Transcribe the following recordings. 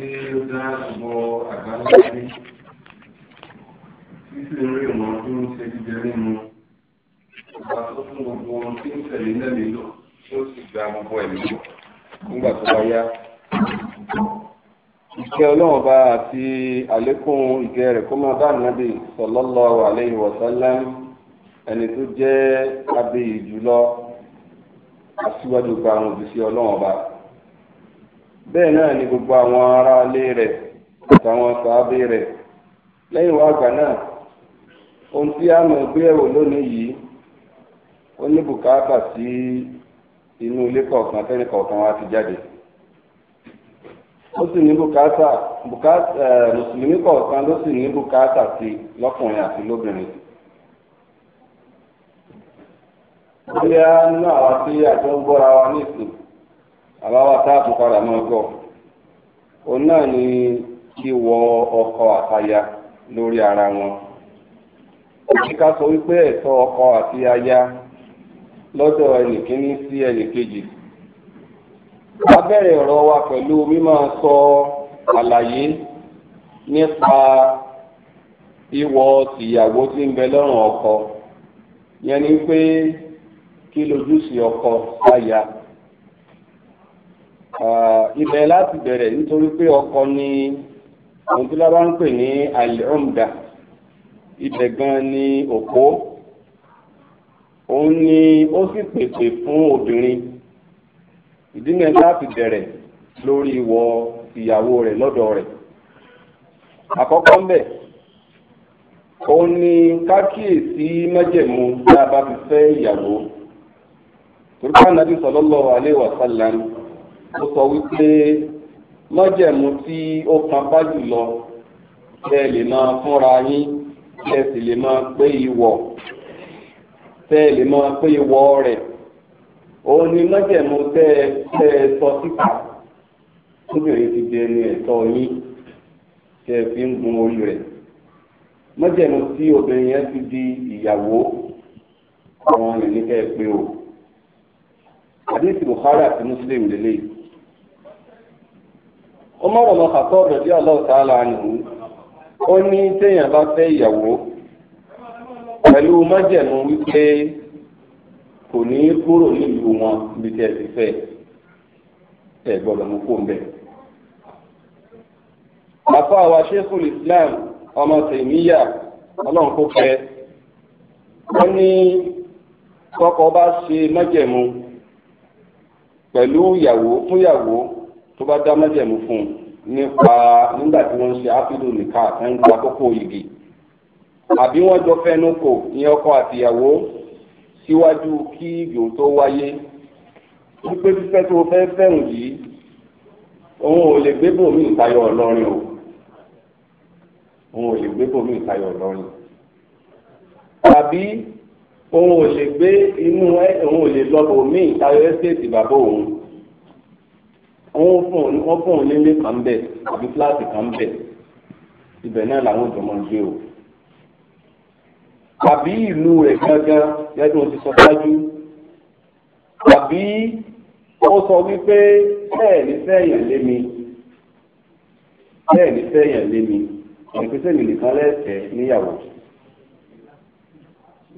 tí ó dá gbogbo àgbáńlá sí títí orí ìmọ̀ tó ń ṣe jíjẹ nínú ọba tó fún gbogbo ohun tí ń tẹ̀lé lẹ́mìí lò tí ó sì gba gbogbo ẹ̀mí lò nígbà tó bá yá. ìkẹ́ ọlọ́run bá àti àlékún ìkẹ́ rẹ̀ kó máa bá nàbì sallallahu alaihi wasallam ẹni tó jẹ́ abẹ́yì jùlọ aṣíwájú gba àwọn òbí sí ọlọ́run bá. bẹ́ẹ̀ náà ni gbogbo àwọn ará ilé rẹ̀ àtàwọn sàábé rẹ̀ lẹ́yìn wá náà ohun tí a mọ̀ gbé ẹ̀wò lónìí yìí ó ní bùkátà sí inú ilé kọ̀ọ̀kan tẹ́nì kọ̀ọ̀kan wa ti jáde ó sì ní bùkátà bùkátà mùsùlùmí kọ̀ọ̀kan ló sì ní bùkátà sí lọ́kùnrin àti lóbìnrin. bóyá wa ní àbáwá táàbù padà máa gbọ́ òun náà ni kíwọ ọkọ àtaya lórí ara wọn òkè ká sọ wípé ẹ̀tọ́ ọkọ àti aya lọ́dọ̀ ẹnìkíní sí ẹnìkejì a bẹ̀rẹ̀ ọ̀rọ̀ wa pẹ̀lú mímọ́ sọ àlàyé nípa ìwọ tìyàwó tí ń bẹ lọ́rùn ọkọ yẹn ni pé kí lójúṣe ọkọ sáya. Ah, ibẹ̀ láti bẹ̀rẹ̀ nítorí pé ọkọ ni ohun tí lábá ń pè ní al-umda ibẹ̀ gan ni òpó òun ni ó sì pèpè fún obìnrin ìdí náà láti bẹ̀rẹ̀ lórí ìwọ ìyàwó rẹ̀ lọ́dọ̀ rẹ̀ àkọ́kọ́ ń bẹ̀ òun ni kákíyèsí májẹ̀mú tá a bá fi fẹ́ ìyàwó torí pé Ànábì sallallahu alaihi wasallam ni mo sọ wípé májẹ̀mú tí ó kápá jùlọ kí ẹ lè máa fúnra yín kí ẹ sì lè máa pé ìwọ̀ tẹ́ ẹ lè máa pé ìwọ̀ rẹ̀ òun ni májẹ̀mú tẹ́ ẹ tẹ́ ẹ sọ síta tóbìnrin ti di ẹni ẹ̀tọ́ yín tẹ́ fi ń gun orí rẹ̀ májẹ̀mú tí obìnrin yẹn ti di ìyàwó àwọn ènìyàn kẹ́ ẹ pé o àdéhùn Bukhari àti Muslim lélẹ́yìí. Umar ibn Khattab radiyallahu ta'ala anhu ó ní téèyàn bá fẹ́ ìyàwó pẹ̀lú májẹ̀mú wípé kò ní kúrò nílùú wọn bí ti fẹ́ ẹ gbọ́dọ̀ mú kó Islam ọmọ tèmíyà ní kọ́kọ́ bá ṣe tó bá dá májẹ̀mú fún un nípa nígbà tí wọ́n ń ṣe áfídò nìka ń gba kókó igi àbí wọ́n jọ fẹ́nu kò ní ọkọ àtìyàwó síwájú kí ìgbò tó wáyé wípé fífẹ́ tó fẹ́ fẹ́hùn yìí òun ò lè gbé bòmí ìtayọ ọlọ́rin o òun ò lè gbé bòmí ìtayọ ọlọ́rin tàbí òun ò lè gbé inú ẹ òun ò lè lọ bòmí ìtayọ ẹ́stéètì bàbá òun wọ́n fún òun wọ́n fún òun nílé kan bẹ́ẹ̀ àbí fúláàtì kan bẹ́ẹ̀ ibẹ̀ náà làwọn òjò máa ń gbé o. àbí ìlú rẹ̀ gángan gẹ́gẹ́ bí wọ́n ti sọ ṣáájú àbí ó sọ wípé bẹ́ẹ̀ ní fẹ́ẹ̀yàn lé mi bẹ́ẹ̀ ní fẹ́ẹ̀yàn lé mi ẹ̀pẹ́sẹ̀ mi nìkan lẹ́sẹ̀ níyàwó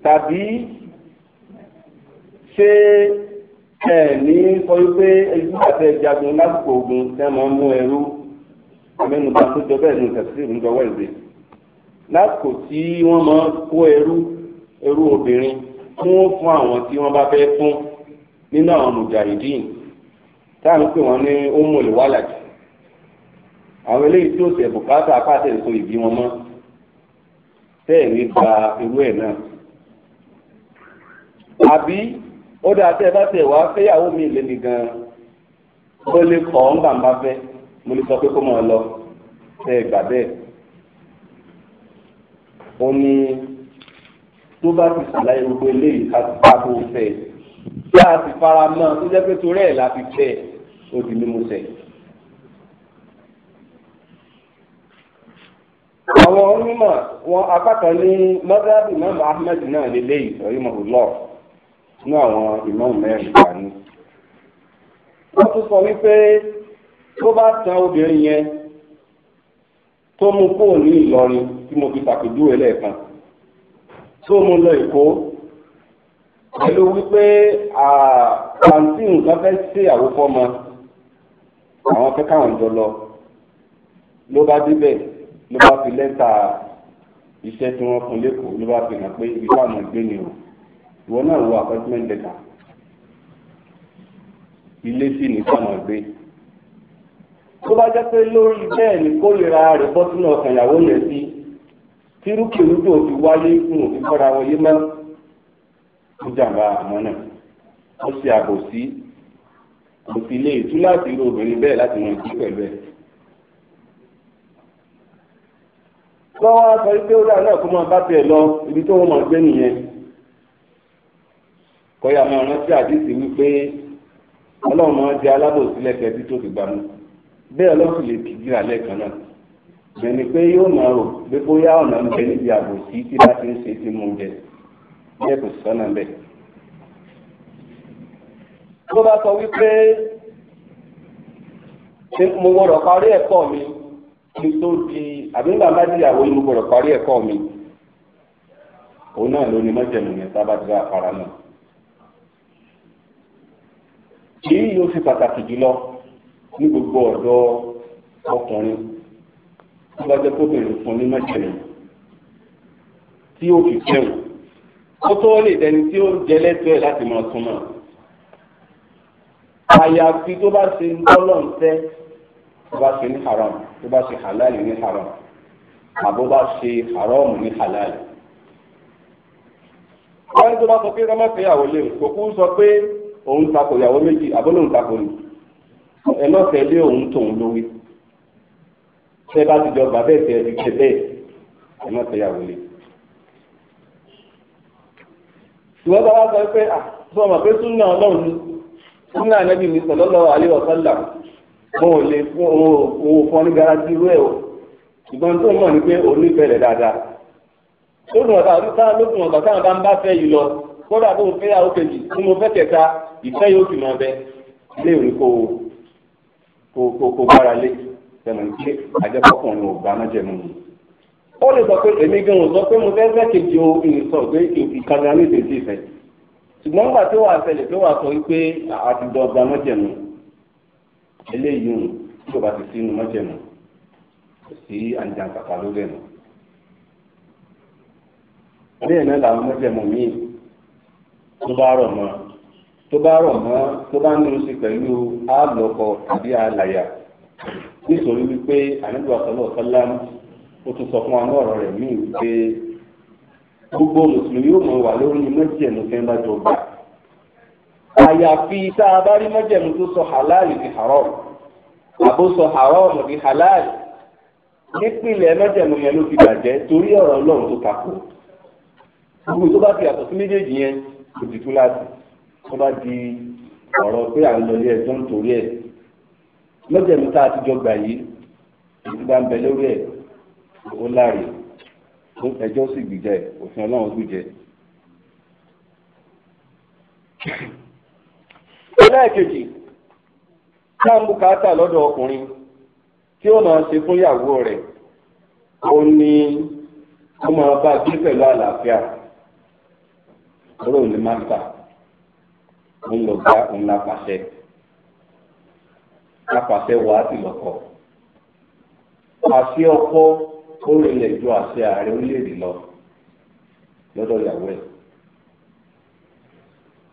tàbí ṣé ẹ ní sọ wípé ẹjú àti ẹjagun lásìkò ogun tẹ máa ń mú ẹrú amẹnuba tó jọ bẹ́ẹ̀ ní tẹsílẹ ní ọwọ́ ìwé lásìkò tí wọn máa kó ẹrú ẹrú obìnrin fún fún àwọn tí wọn bá fẹ́ fún nínú àwọn mujahideen tá à ń pè wọn ní omole wàlàjì àwọn eléyìí tí ó tẹ bùkátà pàtẹ èso ìbí wọn mọ tẹ ẹ ní gba irú ẹ náà àbí ó dáa tẹ́ ẹ bá tẹ̀ wá fẹ́yàwó mi lé mi gan-an ó lè kọ́ ọ́n gbàǹbá fẹ́ mo lè sọ pé kó máa lọ tẹ́ ẹ gbà bẹ́ẹ̀ ó ní tó bá ti sàlàyé gbogbo eléyìí ká ti bá tó fẹ́ tí a ti fara mọ́ tó jẹ́ pé torí ẹ̀ la fi fẹ́ ó di mímú sẹ́yìn. àwọn onímọ̀ wọn apá kan ní mọ́tàbí mọ́mọ́ Ahmed náà lélẹ́yìí sọ̀rí mọ̀húlọ́ọ̀ ní àwọn ìmáàmù mẹ́rin gbà ní. wọ́n tún sọ wípé tó bá tan obìnrin yẹn tó mú fóònù Ìlọrin tí mo fi ṣàpèjúwe lẹ́ẹ̀kan tó mú lọ Èkó pẹ̀lú wípé àǹtí nǹkan fẹ́ ṣe àwòfọ́mọ àwọn fẹ́ káwọn jọ lọ ló bá débẹ̀ ló bá fi lẹ́tà iṣẹ́ tí wọ́n fún lẹ́kọ̀ọ́ ló bá fi hàn pé ibi táwọn gbé ni o ìwọ náà wo appointment letter ilé sì ní ká máa gbé tó bá jẹ́ pé lórí bẹ́ẹ̀ ni kórìíra rẹ̀ bọ́ sínú ọkàn ìyàwó rẹ̀ sí tírúkìrúdò ti wáyé fún òfin kọ́ra wọn yé mọ́ ó jàǹbá àmọ́ náà ó ṣe àbòsí kò sì lè tú láti irú obìnrin bẹ́ẹ̀ láti mọ ìdí pẹ̀lú ẹ̀. wọ́n wá sọ pé ó dà náà kó máa bá tiẹ̀ lọ ibi tó wọ́n máa gbé nìyẹn. kọ́yà máa rántí àdìsí wípé ọlọ́run máa di alábòsí tí tó fi gbà mú bẹ́ẹ̀ lè kí gíra lẹ́ẹ̀kan náà bẹ̀ni pé yóò máa rò pé ọ̀nà ń bẹ níbi ń ṣe ti sọ́nà bẹ́ẹ̀. di àbí mo parí ẹ̀kọ́ mi òun náà ló èyí yóò fi pàtàkì jùlọ ní gbogbo ọ̀dọ́ ọkùnrin tó bá jẹ́ kóbìnrin fún ní mẹ́tẹ̀lẹ̀ tí ó fi fẹ́hùn ó tó lè dẹni tí ó jẹ lẹ́tọ́ ẹ̀ láti máa súnmọ́ àyàfi tó bá ṣe ńlọ́lọ́ǹtẹ́ tó bá ṣe ní haram tó bá ṣe halal ní haram àbó bá ṣe haram ní halal. wọ́n ní tó bá sọ pé rọ́mọ́fẹ́yàwó lè kókó sọ pé òun takò ìyàwó méjì àbólóhùn takò ní ẹ náà tẹ̀lé òun tòun lórí tẹ bá ti jọ gbà bẹ́ẹ̀ tẹ ẹ bẹ́ẹ̀ ẹ náà tẹ ìyàwó lé. ìwọ bá wá sọ pé àtúntò ọmọ pé súnà ọlọ́run ní súnà ànábì mi sọ lọ́lọ́ àlẹ́ ọ̀sánlá mo ò lè fún òun fún ọ ní garanti irú ẹ̀ o ṣùgbọ́n tó mọ̀ ni pé òun nífẹ̀ẹ́ rẹ̀ dáadáa lókun ọ̀tá lókun ọ̀tá táwọn bá ń bá fẹ́ yìí lọ kódà tó ń fẹ́yàwó kejì tí mo fẹ́ kẹta ìfẹ́ yóò fi máa bẹ ilé ìwé kò kò kò kò bára lé tẹ̀mọ̀ ní ajẹ́kọ̀kùnrin ò gbà mẹ́jẹ̀ mú mi. ó lè sọ pé èmi gan ò sọ pé mo fẹ́ fẹ́ kejì o ìrìn sọ pé ìkànnì alẹ́ tètè ìfẹ́ ṣùgbọ́n nígbà tí wàá ṣẹlẹ̀ pé wàá sọ wípé àtijọ́ gbà mẹ́jẹ̀ mú eléyìí ń tó bá ti sí àǹjàǹkàkà mẹ́jẹ̀ mú míì tó bá rọ̀ mọ́ tó bá rọ̀ mọ́ tó bá ní oṣù pẹ̀lú àlọ́kọ tàbí àlàyà nítorí wípé àníbù àtọ́lọ́ ọ̀sánlá ó tún sọ fún wa ní ọ̀rọ̀ rẹ̀ míì wípé gbogbo mùsùlùmí yóò mọ̀ wà lórí mọ́jẹ̀mú fẹ́ bá jọ gbà àyàfi tá a bá rí mọ́jẹ̀mú tó sọ halali di haram àbó sọ haram di halali nípìnlẹ̀ mọ́jẹ̀mú yẹn ló fi bàjẹ́ torí ọ̀rọ̀ ọlọ́run tó takò gbogbo tó bá fi àtọ̀ sí méjèèjì yẹn kò ti túláàsì tó bá di ọ̀rọ̀ pé à ń lọ ilé ẹjọ́ nítorí ẹ̀ lọ́jẹ̀mí tá a ti jọ gbà yìí èyí bá ń bẹ lórí ẹ̀ ó láre ẹjọ́ sì gbìjẹ òfin ọlọ́run gbìjẹ. ẹlẹ́ẹ̀kejì tá ń bùkátà lọ́dọ̀ ọkùnrin tí ó máa ṣe fún ìyàwó rẹ̀ ó ní ó máa bá gbé pẹ̀lú àlàáfíà tọ́lọ́ ò ní má gbà ń lọ gbá òun lápàṣẹ lápàṣẹ wà á sì lọ́kọ̀ àṣẹ ọkọ ó rìnlẹ̀ ju àṣẹ ààrẹ orílẹ̀-èdè lọ lọ́dọ̀ ìyàwó ẹ̀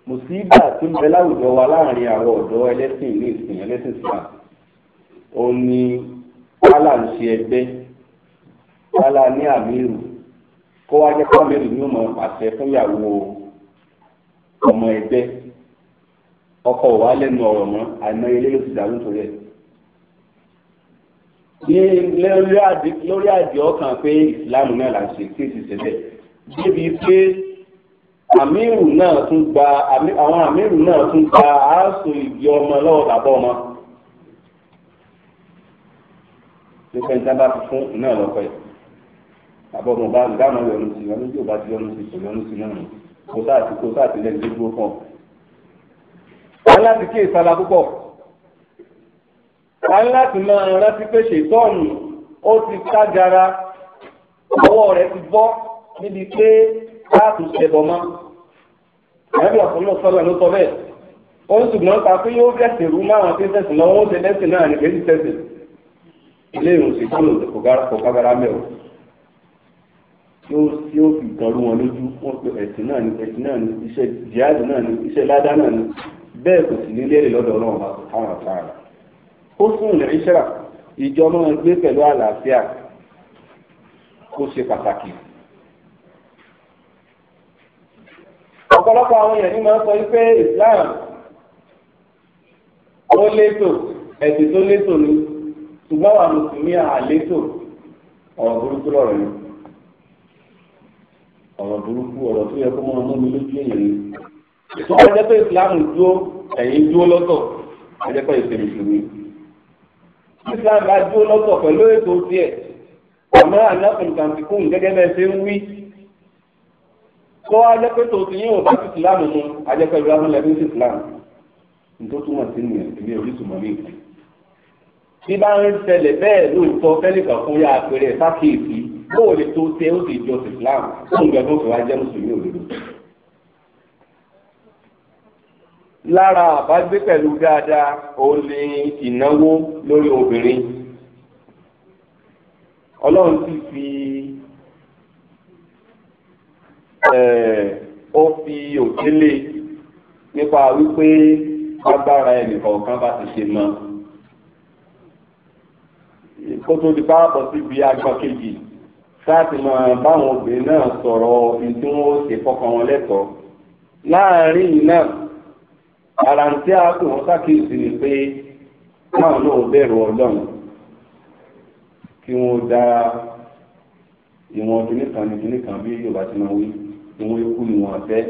mùsíbà tí ń bẹ láwùjọ wa láàrin àwọn ọ̀dọ́ ẹlẹ́sìn ní ìsìn ẹlẹ́sìn islam ó ní wàhálà ń ṣe ẹgbẹ́ wàhálà ní àmírù kó wá jẹ́ kọ́mẹ́rì ó mọ̀ pàṣẹ fún ìyàwó o ọmọ ẹgbẹ́ ọkọ wa lẹ́nu ọ̀rọ̀ mọ́ àìmọye ilé ló ti dàrú nítorí ẹ̀. ní lórí àdìẹ ọkàn pé ìsìláàmù náà là ń ṣe kí èsì ṣẹlẹ̀ débi pé àmírù náà tún gba àwọn àmírù náà tún gba àásù ìgbì ọmọ lọ́wọ́ bàbá ọmọ. nípa ìta bá fi fún náà lọ́pẹ́ bàbá ọmọ bá ń dáná yọnu sí i wọn ní bí bá ti yọnu sí i kò yọnu sí i náà nù kò sáà ti kò sáà ti lẹ́nu tó dúró fún ọ. wọ́n láti kí ìsara púpọ̀ wọ́n láti máa rántí pé ṣètọ́ọ̀nù ó ti ságara ọwọ́ rẹ̀ ti bọ́ níbi pé káàtù ṣẹbọ mọ́. ẹ̀rọ ọ̀pọ̀lọpọ̀ sọ́dọ̀ ló sọ bẹ́ẹ̀ ó ń ṣùgbọ́n ta pé yóò fẹ̀sìn rú márùn-ún tí tẹ̀sìn náà wọ́n ṣe lẹ́sìn náà nìkan ti ilé ìrùn ṣètọ́ọ̀nù kò tí ó tí ó fi dàrú wọn lójú wọn pe ẹ̀sìn náà ni ẹ̀sìn náà ni iṣẹ́ jihadi náà ni iṣẹ́ ládá náà ni bẹ́ẹ̀ kò sì ní lérè lọ́dọ̀ ọlọ́run bá tó táwọn àtàrà ó fún ilẹ̀ ìṣẹ́ra ìjọ máa gbé pẹ̀lú àlàáfíà ó ṣe pàtàkì. ọ̀pọ̀lọpọ̀ àwọn èèyàn ní máa ń sọ wípé Islam ó létò ẹ̀sìn tó létò ni ṣùgbọ́n àwọn mùsùlùmí ọ̀rọ̀ burúkú ọ̀rọ̀ tó yẹ kó máa mú mi lójú èèyàn ni. tó bá jẹ́ pé ìsìlámù dúró ẹ̀yìn dúró lọ́tọ̀ á jẹ́ pé ìsìn mùsùlùmí. ìsìlámù bá dúró lọ́tọ̀ pẹ̀lú ètò tiẹ̀ ọ̀nà ànáfin kàǹtìkùn gẹ́gẹ́ bẹ́ẹ̀ ṣe ń wí. kó á jẹ́ pé tòun ti yín ò bá ti ìsìlámù mu á jẹ́ pé ìsìlámù lẹ́bí sí ìsìlámù. nítorí túmọ̀ sí ni ìbí orísun mọ̀ mí. bí bá ń ṣẹlẹ̀ bẹ́ẹ̀ lóòótọ́ fẹ́lẹ̀ kàn fún yá àpẹẹrẹ sákèéfì bóun lè tó tẹ ó sì jọ sí Islam fún ìgbà tó fi wá jẹ́ mùsùlùmí òdodo. lára àbágbé pẹ̀lú dáadáa o ni ìnáwó lórí obìnrin ọlọ́run ti fi eh, ó fi òkèlè nípa wípé agbára ẹnìkọ̀ọ̀kan bá ti ṣe mọ́ kó tó di bá bọ̀ síbi agbọ́n kejì láti máa báwọn obìnrin náà sọ̀rọ̀ ohun tí wọ́n ṣe fọkàn wọn lẹ́kọ̀ọ́. láàárín náà ara ń tí a pè wọ́n ṣàkíyèsí ni pé káwọn náà bẹ̀rù ọlọ́run kí wọ́n dá ìwọ̀n kìnnìkan ní kìnnìkan bí yorùbá ti máa wí ìwọ̀n ikú ìwọ̀n àfẹ́.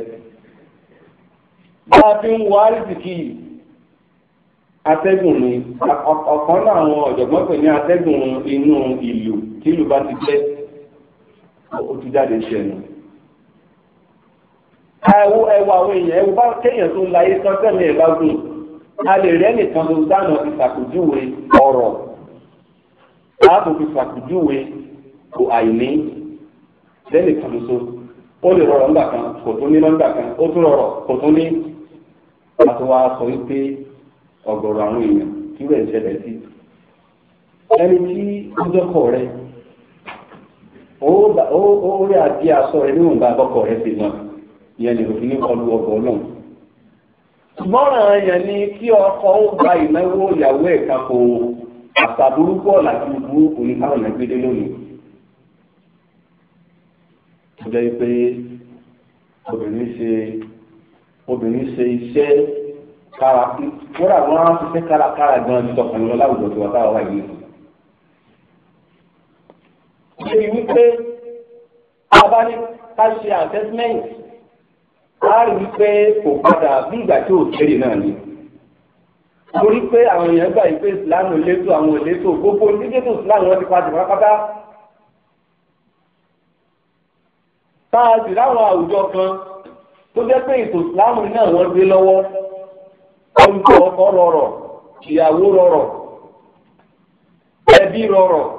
bá a fi ń wọ àrísìkì atẹ́gùn ni ọ̀kan náà ọ̀jọ̀gbọ́n pè ní atẹ́gùn inú ìlú tí ìlú bá ti jẹ́ ó ti jáde ṣe ni. ẹwọ ẹwọ àwọn èèyàn ẹwọ bá kéèyàn tó láyé tán tẹ̀lé ẹ̀ bá gùn a lè rẹ́ nìkan tó dáná fi ṣàpèjúwe ọ̀rọ̀ láàbò fi ṣàpèjúwe kò àìní lẹ́nìkan tó so ó lè rọrọ̀ ńgbà kan kò tún ní nọ́ńgbà kan ó tún rọrọ̀ kò tún ní àti wàá sọ wípé ọ̀gọ̀rọ̀ àwọn èèyàn kí wẹ́ẹ̀ ṣẹlẹ̀ sí ẹni tí ó jọ́kọ̀ rẹ̀ o rí àbí aṣọ rẹ níwọ̀n bá bọ́kọ̀ rẹ sí náà ìyẹn ni òfin ọgbọ náà. mọ́ràn yẹn ni kí ọkọ̀ ó gba ìnáwó ìyàwó ẹ̀ kakò àṣà burúkú ọ̀la burúkú ní káwọn ẹ̀ gbédé lónìí. jẹ́ pé obìnrin ṣe obìnrin ṣe iṣẹ́ kára á ṣiṣẹ́ gan-an táwọn wáyé débi wípé bàbá ní ká ṣe assessment á rí wípé kò padà bí ìgbà tí ò kéré náà ni torí pé àwọn èèyàn gbà wípé ìsìláàmù ìletò àwọn ìletò gbogbo onídéètò ìsìláàmù wọn ti padà pátápátá tá a sì láwọn àwùjọ kan tó jẹ́ pé ètò ìsìláàmù náà wọ́n gbé lọ́wọ́ orúkọ ọkọ rọrọ̀ ìyàwó rọrọ̀ ẹbí rọrọ̀.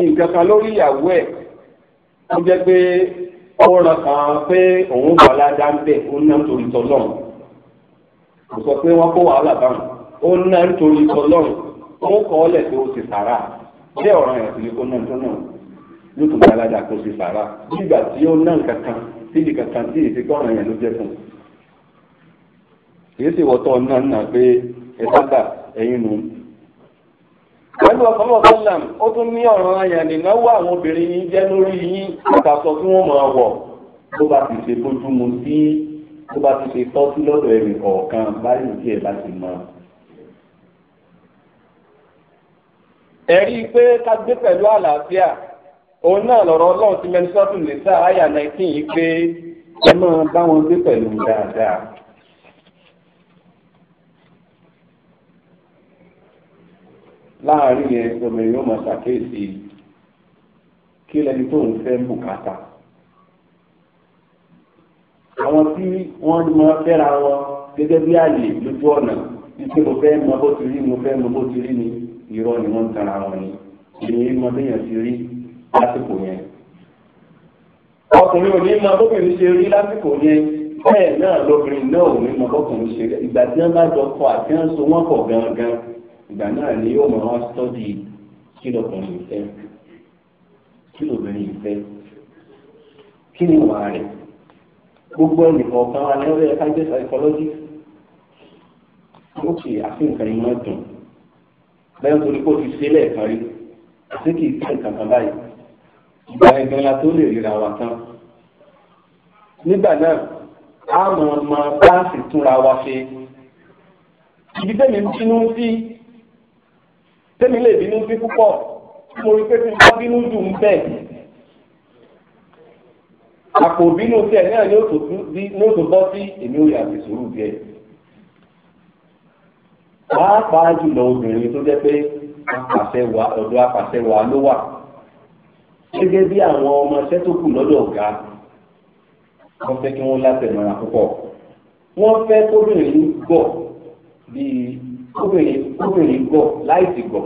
nǹkan kan lórí ìyàwó ẹ̀ ó jẹ́ pé ó ràn kàn pé òun wà ládàá ń bẹ̀ ó ná nítorí tọ́lọ́run kò sọ pé wọ́n kó wàhálà báwọn ó ná nítorí tọ́lọ́run ó kọ́ ọ́ lẹ̀ pé ó ti sàrà bẹ́ẹ̀ ọ̀ràn ẹ̀ sì ni kó ná tó náà ló tún bá ládàá kó ti sàrà nígbà tí ó ná nǹkan kan síbi kankan tí èsì gbọ́ràn yẹn ló jẹ́ fún un kì í sì wọ́tọ̀ náà náà pé ẹ sábà ẹ̀yin nù pẹ̀lú ọ̀sánmọ̀ sọ́làm ó tún ní ọ̀ràn àyànnì náwó àwọn obìnrin yìí jẹ́ lórí yín àtàkọ tí wọ́n máa wọ̀ tó bá ti ṣe tójú mu sí tó bá ti ṣe tọ́sí lọ́dọ̀ ẹ̀rìn kọ̀ọ̀kan báyìí tí ẹ̀ bá ti mọ. ẹ̀rí pé ká gbé pẹ̀lú àlàáfíà òun náà lọ̀rọ̀ ọlọ́run ti mẹ́ni sọ́tún nìsa àyà 19 yìí pé ẹ máa bá wọn gbé pẹ̀lú dáadáa. láàrin yẹn obìnrin yóò máa ṣàkíyèsí kí lẹni tó ń fẹ́ bùkátà àwọn tí wọ́n máa fẹ́ra wọn gẹ́gẹ́ bí àyè lójú ọ̀nà wípé mo fẹ́ mọ bó ti rí mo fẹ́ mọ bó ti rí ni irọ́ ni wọ́n ń tara wọn ni èyí mọ béèyàn ti rí lásìkò yẹn ọkùnrin ò ní mọ bóbìnrin ṣe rí lásìkò yẹn bẹ́ẹ̀ náà lóbìnrin náà ò ní mọ bóbìnrin ṣe ìgbà tí wọ́n bá jọ kọ àti wọ́n so wọ́n pọ̀ gangan ìgbà náà ni yóò máa tọ́jú kí lọkùnrin ìfẹ́ kí lóbìnrin ìfẹ́ kí ni wàá rẹ̀ gbogbo ẹnìkọ̀ọ̀kan wa lẹ́wọ́ ẹ̀ka jẹ́ psychology ó sì àfihàn ìmọ̀ dùn bẹ́ẹ̀ torí kó fi ṣe lẹ́ẹ̀kan rí àti kì í tẹ̀ kankan báyìí ìgbà ẹ̀gbọ́n la tó lè ríra wa tán nígbà náà a mọ̀ ọ́n máa bá sì túnra wa ṣe ibi tẹ́mi ń bínú sí sẹ́mi lè bínú sí púpọ̀ tí mo rí pé tí mo bínú jù ń bẹ̀. àpò bínú tiẹ̀ náà ni ó tó bọ́ sí èmi ò yàgbé sùúrù díẹ̀. pàápàá jùlọ obìnrin tó jẹ́ pé apàṣẹ wa ọ̀dọ̀ apàṣẹ wa ló wà gẹ́gẹ́ bí àwọn ọmọ tó kù lọ́dọ̀ ọ̀gá wọ́n fẹ́ kí wọ́n látẹ̀mọ́ra púpọ̀ wọ́n fẹ́ kóbìnrin gbọ̀ bíi kóbìnrin gọ̀ láìsí gọ̀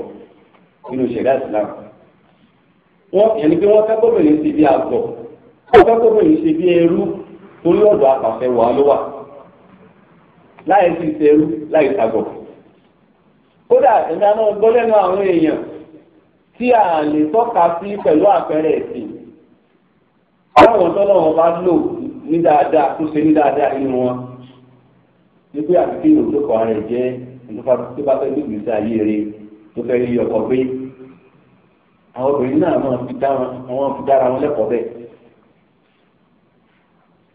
nínú ìṣẹ̀dá ìsìlámù wọ́n yẹn pé wọ́n fẹ́ kóbìnrin sí bí fẹ́ kóbìnrin bí ẹrú torí ọ̀dọ̀ apàṣẹ wà ló wà kódà náà gbọ́ lẹ́nu àwọn èèyàn tí a lè tọ́ka sí pẹ̀lú àpẹẹrẹ ẹ̀sìn bá lò ní dáadáa tó ṣe ní dáadáa nínú wọn ní pé àfikún ìròyìn tó kọ ara ẹ̀ nípa tó bá fẹ́ lóògbé sí ayé rẹ tó fẹ́ rí ọkọ gbé àwọn obìnrin náà máa fi dá wọn fi dára wọn lẹ́kọ̀ọ́ bẹ́ẹ̀.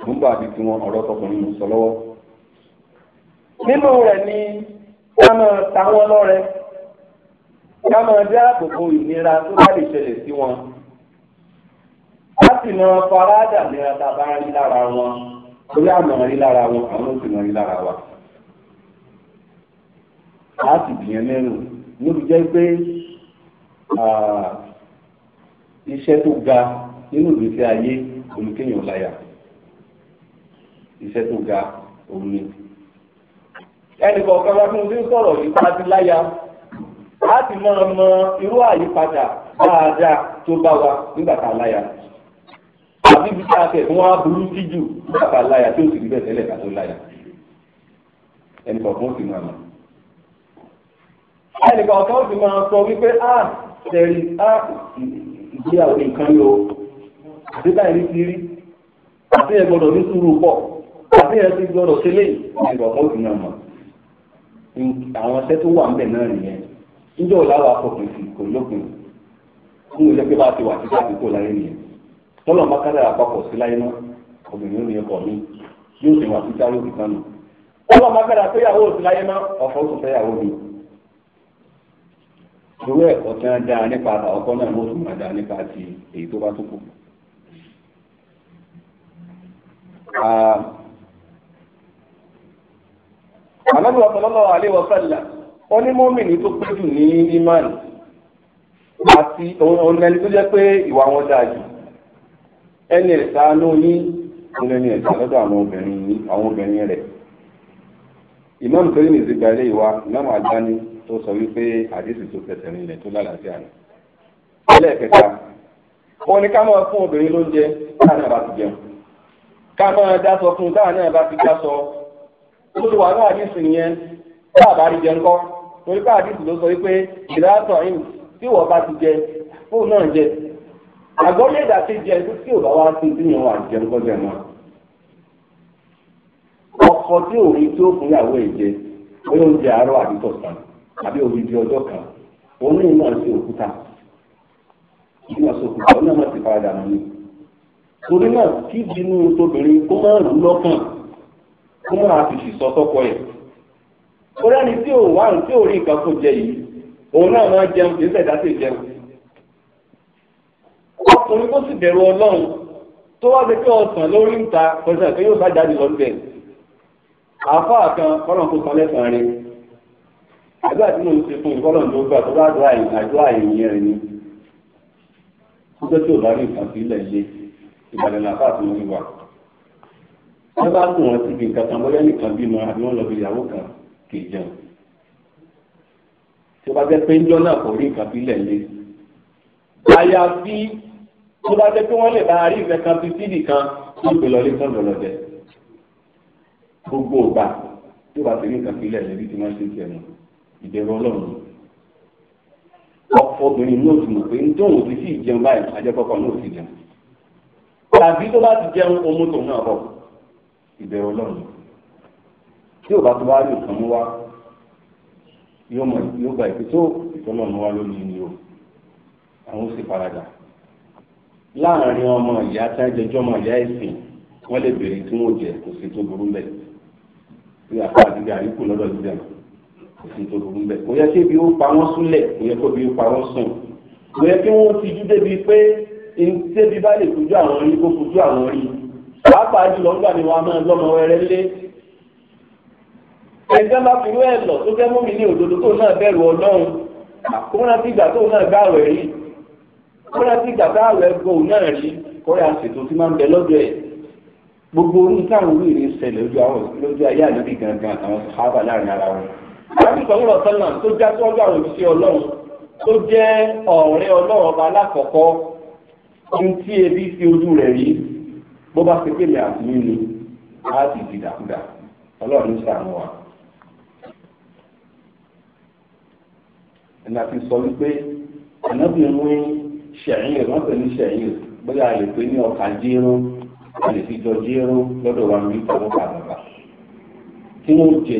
mo ń bá àbí tiwọn ọ̀rọ̀ ọkùnrin mi sọ lọ́wọ́. nínú rẹ̀ ni ká máa ta wọn lọ́rẹ ká máa dá àbòbò ìnira tó bá lè ṣẹlẹ̀ sí wọn láti máa faradà nira tá a bá rí lára wọn torí àmọ̀ rí lára wọn àwọn ò sì máa rí lára wa á sì gbìyàn lẹ́rù níbi jẹ́ pé iṣẹ́ tó ga nínú ìgbésí ayé olùkéyàn láyà iṣẹ́ tó ga òun ni. ẹnì kọ̀ọ̀kan wá fún un tí ń sọ̀rọ̀ yìí pa ti láyà láti máa mọ irú àyípadà dáadáa tó bá wa nígbà tá a láyà àbí tí a tẹ̀ fún wa burú jíjù nígbà tá a láyà tí ó sì rí bẹ́ẹ̀ tẹ́lẹ̀ ká tó láyà ẹnì kọ̀ọ̀kan ó sì máa mọ̀ ẹnìkan ọ̀tọ́ ó máa sọ wípé a ah, tẹ̀rí a ah, ìgbéyàwó nǹkan yìí o àti ti rí àti ẹ gbọ́dọ̀ ní sùúrù pọ̀ àti ẹ ti gbọ́dọ̀ ṣe lé ìrọ̀mọ́ òfin náà mọ̀ àwọn ẹsẹ̀ tó wà ńbẹ̀ náà nìyẹn níjọ́ ò láwọ akọkùn kò lópin fún ilé pé bá ti wà títí àdúgbò láyé nìyẹn tọ́lọ̀ bá kádà àpapọ̀ sí láyé náà obìnrin ní ẹkọ mi yóò sì wà títí àròkì kan nù tọ́lọ̀ bá kádà pé òsì láyé náà ọ̀fọ̀ òsì fẹ́ mi irú ẹ̀kọ́ tí wọ́n dá nípa ọkọ náà ló tún máa dá nípa ti èyí tó bá tún kù. ànábì sallallahu alaihi wa sallam ó ní mọ́mìnì tó pé jù ní imán àti òun ẹni tó jẹ́ pé ìwà wọn dáa jù ẹni ẹ̀ta ló ní òun ẹni ẹ̀ta lọ́dọ̀ àwọn obìnrin rẹ̀ imam kẹrin ní ìzìgbà ilé ìwà imam àgbáni tó sọ wípé àdéhùn tó kẹsẹ̀ rinlẹ̀ tó lálàáfíà ni. ẹlẹ́ẹ̀kẹta òun ni ká máa fún obìnrin lóúnjẹ táà náà bá ti jẹun ká máa dáṣọ náà bá ti dáṣọ náà àdéhùn yẹn jẹ torí pé àdéhùn ló sọ wípé tí wọ́n bá ti jẹ fóun náà jẹ àgọ́ jẹ tí ò bá wá sí yẹn wà jẹun kọ́ jẹun náà tí tí tàbí odidi ọjọ́ kan òun ní ìmọ̀ sí òkúta ìmọ̀ sí òkúta ti fara ni torí náà kí ìbínú tóbìnrin kó má rú lọ́kàn kó fi ṣìṣọ́ tọ́kọ ẹ̀ ó rẹ́ni tí ò wá tí ò rí nǹkan kó jẹ yìí òun náà máa jẹun kì í sí ọkùnrin sì bẹ̀rù ọlọ́run tó wá kí ọ̀sán lórí pẹ̀sẹ̀ pé yóò jáde lọ́dún àáfàá kan àdúrà tí mo ń ṣe fún ìkọlọ̀ tó gbà tó bá dọ́ àdúrà ẹ̀yìn rẹ̀ ni kótó tí ò bá rí nǹkan sílẹ̀ lé ìbàdàn làbá tó ń wà. wọ́n bá kùn wọn síbi nǹkan kan bóyá nìkan bímọ àbí wọ́n lọ bí ìyàwó kan kì í jẹun. tí ó bá jẹ́ pé ń jọ́nà kò rí nǹkan sílẹ̀ lé. àyàfi tó bá jẹ́ pé wọ́n lè bá a rí ìfẹ́ kan fi síbì kan tó gbé lọlé tán lọ́lọ́dẹ. gbogbo ògbà tó bá ti rí nǹkan sílẹ̀ lé bí ti máa ṣe ń jẹun. ìbẹ̀rù ọlọ́run ọ̀pọ̀ obìnrin mọ̀ pé nítorí òun ti sí ìjẹun báyìí ajẹ́kọ̀ọ́kọ́ ti jẹun tàbí tó bá ti jẹun ohun tó náà bọ̀ ìbẹ̀rù ọlọ́run tí ò bá tó wá rí nǹkan mú mọ̀ yóò gba ìpè tó wá ni o àwọn sì ọmọ ìyá ọmọ ìyá jẹ kò sí tó burú bí àpá àti gàrí kù kò sí tó burú bẹ́ẹ̀ kò yẹ kí ebi ó pa wọ́n súnlẹ̀ kò yẹ kó ebi ó pa wọ́n sùn kò yẹ kí wọ́n ti jú débi pé tẹ́bi bá lè fojú àwọn rí kó fojú àwọn rí pàápàá jùlọ nígbà ni wọn a máa lọ́mọ wẹrẹ lé ẹgbẹ́ bá fi wẹ́ lọ tó fẹ́ mú mi ní òdodo tó náà bẹ̀rù ọlọ́run kóra ti gbà tó náà gbà wẹ̀ rí kóra ti gbà bá wẹ̀ gbòò náà rí kóra ṣètò tí máa ń bẹ lọ́dọ̀ ẹ̀ gbogbo orí táwọn orí rẹ̀ ṣẹlẹ̀ lójú ayé àlóbì gangan àtàwọn sàhábà láàrin ara wọn láti sọ̀rọ̀ sọ́nà tó já sọ́jú àwọn òṣìṣẹ́ ọlọ́run tó jẹ́ ọ̀rẹ́ ọlọ́run ọba alákọ̀ọ́kọ́ ohun tí ebi fi ojú rẹ̀ rí bó bá ṣe pèlè àtúnyí ni á sì di dàkúdà ọlọ́run ṣàánú wa. ẹ̀nà ti sọ wípé ànábìnrin mú ṣẹ̀yìn rẹ̀ wọ́n pè ní ṣẹ̀yìn rẹ̀ bóyá a lè pè ní ọkà jéró a lè fi jọ jéró lọ́dọ̀ wa ní ìfowópamọ́ bàbà tí wọ́n jẹ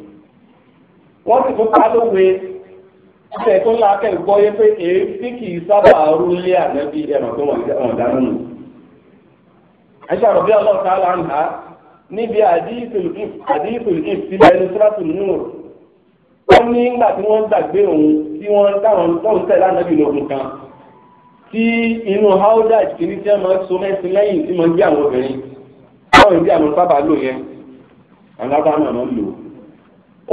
wọ́n sì tún pa lówe ṣe tó ńlá akẹ́ gbọ́ yé pé èéfì kì í sábà rú ilé ànábì ẹ̀mọ̀ tó wọ̀n dáná nù. àṣà rọ̀bí ọlọ́run tá a là ń hà níbi àdífìlì if àdífìlì if ti bẹ̀rẹ̀ sírátù nùr. wọ́n ní nígbà tí wọ́n gbàgbé òun tí wọ́n táwọn tóun tẹ̀lé ànábì lógun kan tí inú haúdà kìíní tí wọ́n máa so mẹ́sìn lẹ́yìn tí wọ́n gbé àwọn obìnrin táwọn ìdí àwọn sábà lò yẹn àwọn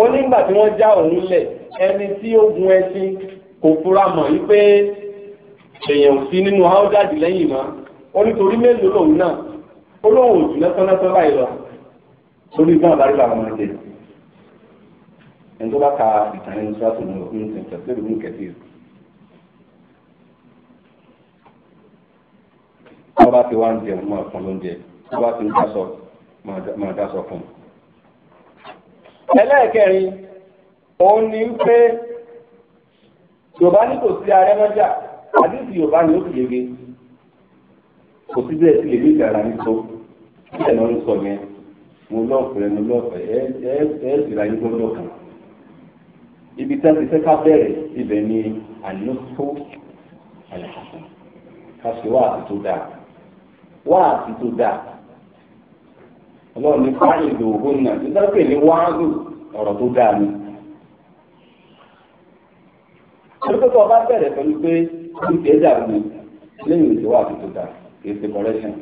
ó nígbà tí wọ́n já òun lẹ̀ ẹni tí ó gun ẹṣin kò fura mọ̀ wípé èèyàn ò sí nínú áódàdì lẹ́yìn mọ́ ó nítorí mélòó lòun náà ó lóun ò jù lẹ́sánlẹ́sán báyìí lọ lórí gbọ́n àbárí làwọn máa dé ẹni tó bá ka ìtàn ẹni tó bá tó lọ ní ìtẹ̀tẹ̀ tó lè mú kẹ̀tì rẹ̀. wọ́n bá ti wá ń jẹun máa fún lóúnjẹ wọ́n bá ti ń dásọ máa fún un ẹlẹ́ẹ̀kẹrin òun ni wípé yorùbá ní kò sí arẹ́mọ́jà àdìsí yorùbá ni ó sì yege kò sí bẹ́ẹ̀ sí lè ní ìdára ní tó bẹ́ẹ̀ lọ́ọ́ sọ yẹn mo lọ́ọ̀fẹ́ mo lọ́ọ̀fẹ́ ẹ ẹ ẹ sì ra yín gbọ́dọ̀ kan ibi tí a ti fẹ́ ká bẹ̀rẹ̀ ibẹ̀ ni àlùfó àlàáfíà ká ṣe wáàtí tó dáa wáàtí tó dáa ọlọ́run ní fáyìn ìdòwò náà nígbà pé ní wáhálù ọ̀rọ̀ tó dáa ni. olùkókò ọba bẹ̀rẹ̀ pẹ̀lú pé kí n tiẹ̀ dàrú ni lẹ́yìn ìṣòwò àtúntò dà kì í ṣe correction.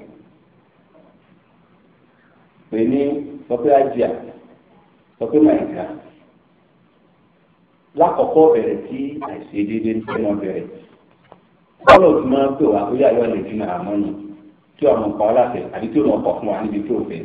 pè ní sọ pé àjíà sọ pé màìkà lákọ̀ọ́kọ́ bẹ̀rẹ̀ tí àìṣe déédéé ń tẹ́ wọn bẹ̀rẹ̀ bọ́ọ̀lù tí wọ́n máa ń pè wá ó yà yọ̀ lè dín àmọ́ yìí tí ọmọ kan láṣẹ àbí tí ó lọ́ọ́ kọ̀ fún wa níbi tí ò fẹ́ẹ́.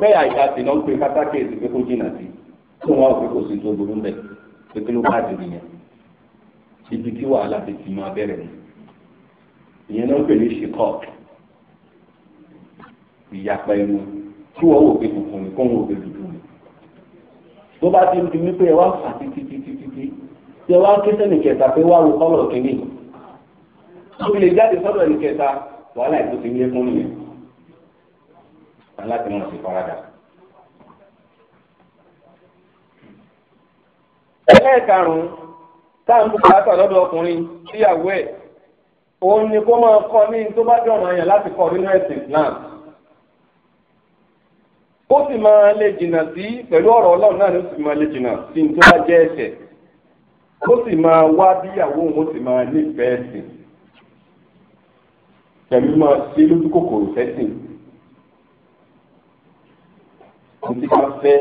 bẹ́ẹ̀ àìsà sì náà ń pe pátákì èsì pé kó jìnnà sí tó wọn ò pé kò sí tó burú bẹ́ẹ̀ pé kí ló bá jù nìyẹn ibi tí wàhálà ti ti máa bẹ̀rẹ̀ ni ìyẹn náà ń pè ní shikok ìyapa ẹnu tí wọ́n wò pé funfun ni kó wọn ò pé dúdú ni tó bá ti di wípé ẹ wá fà títí títí títí tí ẹ wá ké sẹ́nì kẹta pé wá wo kọ́lọ̀ kínní tó lè jáde sọ́dọ̀ ẹnì kẹta wàhálà ètò ń lé fún nìyẹn. láti mọ̀ sí faradà. ẹlẹ́ẹ̀karùn-ún táàmù bùkátà lọ́dọ̀ ọkùnrin síyàwó ẹ̀ òun ni kó máa kọ ní tó bá jẹ́ yẹn láti kọ nínú ẹ̀sìn Islam ó sì máa lè jìnnà sí pẹ̀lú ọ̀rọ̀ Ọlọ́run náà ni ó sì máa lè jìnnà sí tó bá jẹ́ ó sì máa wá bíyàwó òun ó sì máa nífẹ̀ẹ́ pẹ̀lú máa ohun tí wọn fẹ́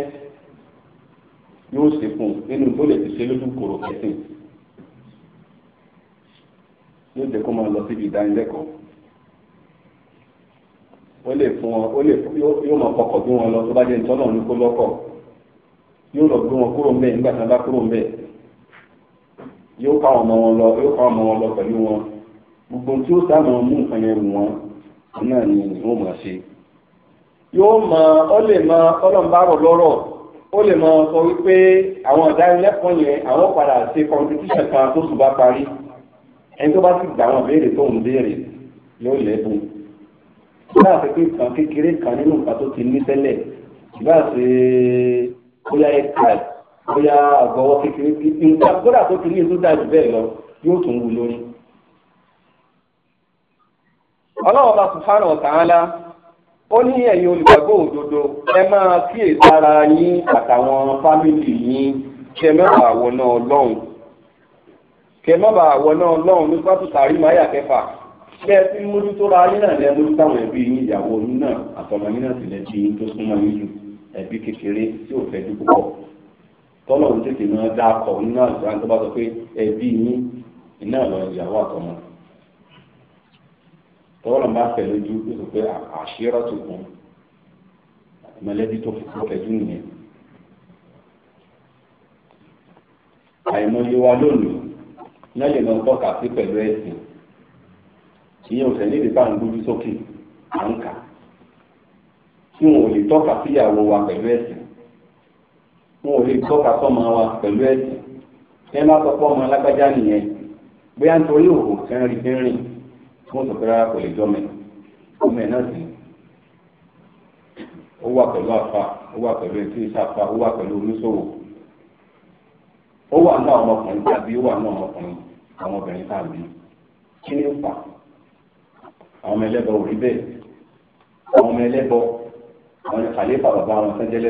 yóò ṣe fún un nínú tó lè ti ṣe lójú kòrò kẹsìn yóò jẹ́ kó máa lọ síbi ìdánilẹ́kọ̀ọ́ ó lè fún wọn ó lè yóò máa kọkọ bí wọn lọ tó bá jẹ́ nítorí náà ní kó lọ́kọ̀ yóò lọ gbé wọn kúrò ń bẹ̀ nígbà tí wọn bá kúrò ń bẹ̀ yóò ká ọmọ wọn lọ yóò ká ọmọ wọn lọ pẹ̀lú wọn gbogbo tí ó sáà máa mú nǹkan yẹn wù wọn náà ni wọn máa ṣe yóò mọ ọ lè mọ ọlọ́mbàrọ̀ lọ́rọ̀ ó lè mọ sọ wípé àwọn ìdánilẹ́kọ̀ọ́ yẹn àwọn padà ṣe competition kan tó sùn bá parí ẹni tó bá sì gbà àwọn ìbéèrè tó ń béèrè yóò lẹ́bùn báà fi pé nǹkan kékeré kan nínú nǹkan tó ti ní tẹ́lẹ̀ ìbá ṣe bóyá ẹ̀ka bóyá àgbọ̀wọ́ kékeré nǹkan kódà tó ti ní ètò dájú bẹ́ẹ̀ lọ yóò tún wù lórí. ọlọ́wọ́ bá sùn fáràn ọ̀tàn án ó ní ẹ̀yin olùgbàgbọ́ òdodo ẹ máa kíyèsí ara yín àtàwọn fámìlì yín kí ẹ má bàa wọná ọlọ́run kí ẹ má wọná ọlọ́run ní máyà kẹfà ra yín náà lẹ́nu táwọn ẹbí yín ìyàwó yín náà àtọmọ yín náà sì lẹ́bi yín tó súnmọ́ yín jù ẹbí kékeré tí ò fẹ́ tètè máa dá akọ̀ sọ pé ẹbí yín tọ́wọ́lọ́ bá fẹ̀ lójú ó sọ pé àṣírọ́ tó kún mọ̀lẹ́bí tó fi kọjú nìyẹn. àìmọye wa lónìí lẹ́yìn náà tọ́ka sí pẹ̀lú ẹ̀sìn ìyẹn òsè níbi bá ń gbójú sókè à ń kà tí wọn ò lè tọ́ka síyàwó wa pẹ̀lú ẹ̀sìn wọn ò lè tọ́ka sọ́mọ wa pẹ̀lú ẹ̀sìn ẹ má sọ fọ́ ọmọ alágbájá nìyẹn bóyá nítorí òkò kẹrin kẹrin tí wọ́n sọ pé rárá ọmọ ẹ̀ náà sì ó wà pẹ̀lú afa ó wà pẹ̀lú etí ìṣàfà ó wà pẹ̀lú oníṣòwò ó wà náà ọmọkùnrin tàbí ó wà ọmọkùnrin àwọn obìnrin tàbí kí ni ó fà àwọn ọmọ ẹlẹ́bọ ò rí bẹ́ẹ̀ àwọn ọmọ ẹlẹ́bọ àwọn ìkàlẹ́fà bàbá wọn sẹ́jẹ́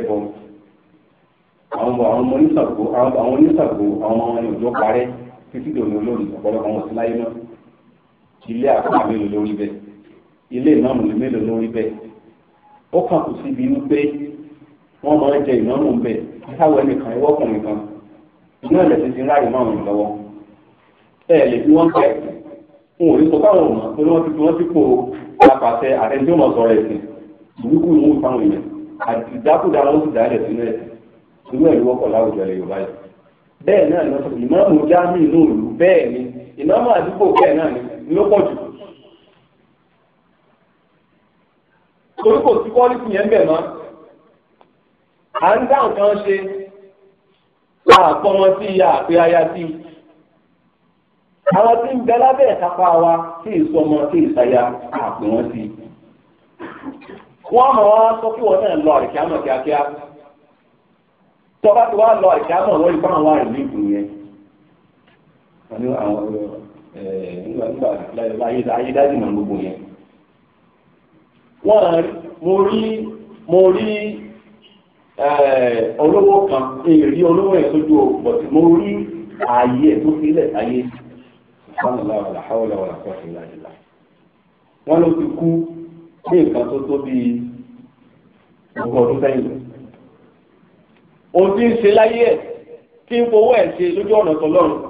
lẹ́bọ ilé àkókò mélòó lórí bẹ́ẹ̀ ilé ìnáwó mélòó lórí bẹ́ẹ̀ ó kàn kù síbi wípé wọ́n máa ń jẹ ìnáwó ń bẹ̀ káwọ́ ẹnìkan ẹwọ́ ọkùnrin kan inú ẹ̀ lẹ́sìn ti ń ráàyè máa rìn lọ́wọ́ ẹ lè fi wọ́n kẹ́ n ò ní sọ fáwọn ọmọ pé wọ́n ti fi wọ́n sípò apàṣẹ àtẹnudí ọmọ sọ̀rọ̀ ẹ̀sìn ìwúkú ìwú fáwọn èèyàn àtìdákùdá wọn sì dáhẹ̀ sínú ẹ̀sìn inú ẹ̀ ló wọ́pọ̀ láwùjọ ilẹ̀ Yorùbá yìí bẹ́ẹ̀ náà ni ìmọ̀ọ́mù jámì inú òòlù bẹ́ẹ̀ ni ìnáwó àdúgbò bẹ́ẹ̀ náà ni ló pọ̀ jù. torí kò sí kọ́lífù yẹn bẹ̀ mọ́ à ń dá nǹkan ṣe àpọ̀ wọn sí ìyá àpé aya sí i àwọn tí ń bẹ lábẹ́ ìkápá wa sí ìsọmọ sí ìsàyà àpè wọn sí i wọ́n mọ̀ wá sọ kí wọ́n náà lọ àrìkámọ̀ kíákíá tọ́ba ti wá lọ àrìkámọ̀ wọ́n ìbá àwọn àrìmí ìgbìyẹn nígbà nígbà ayédájú náà gbogbo yẹn. wọ́n mo rí mo rí olówó kan èrí olówó yẹn sójú o bọ̀tí mo rí ààyè tó sílẹ̀ ayé sánàlá wàlà háwàlà wọ́n ló ti kú ní nǹkan tó tó bíi ọdún ń ṣe láyé tí ń fowó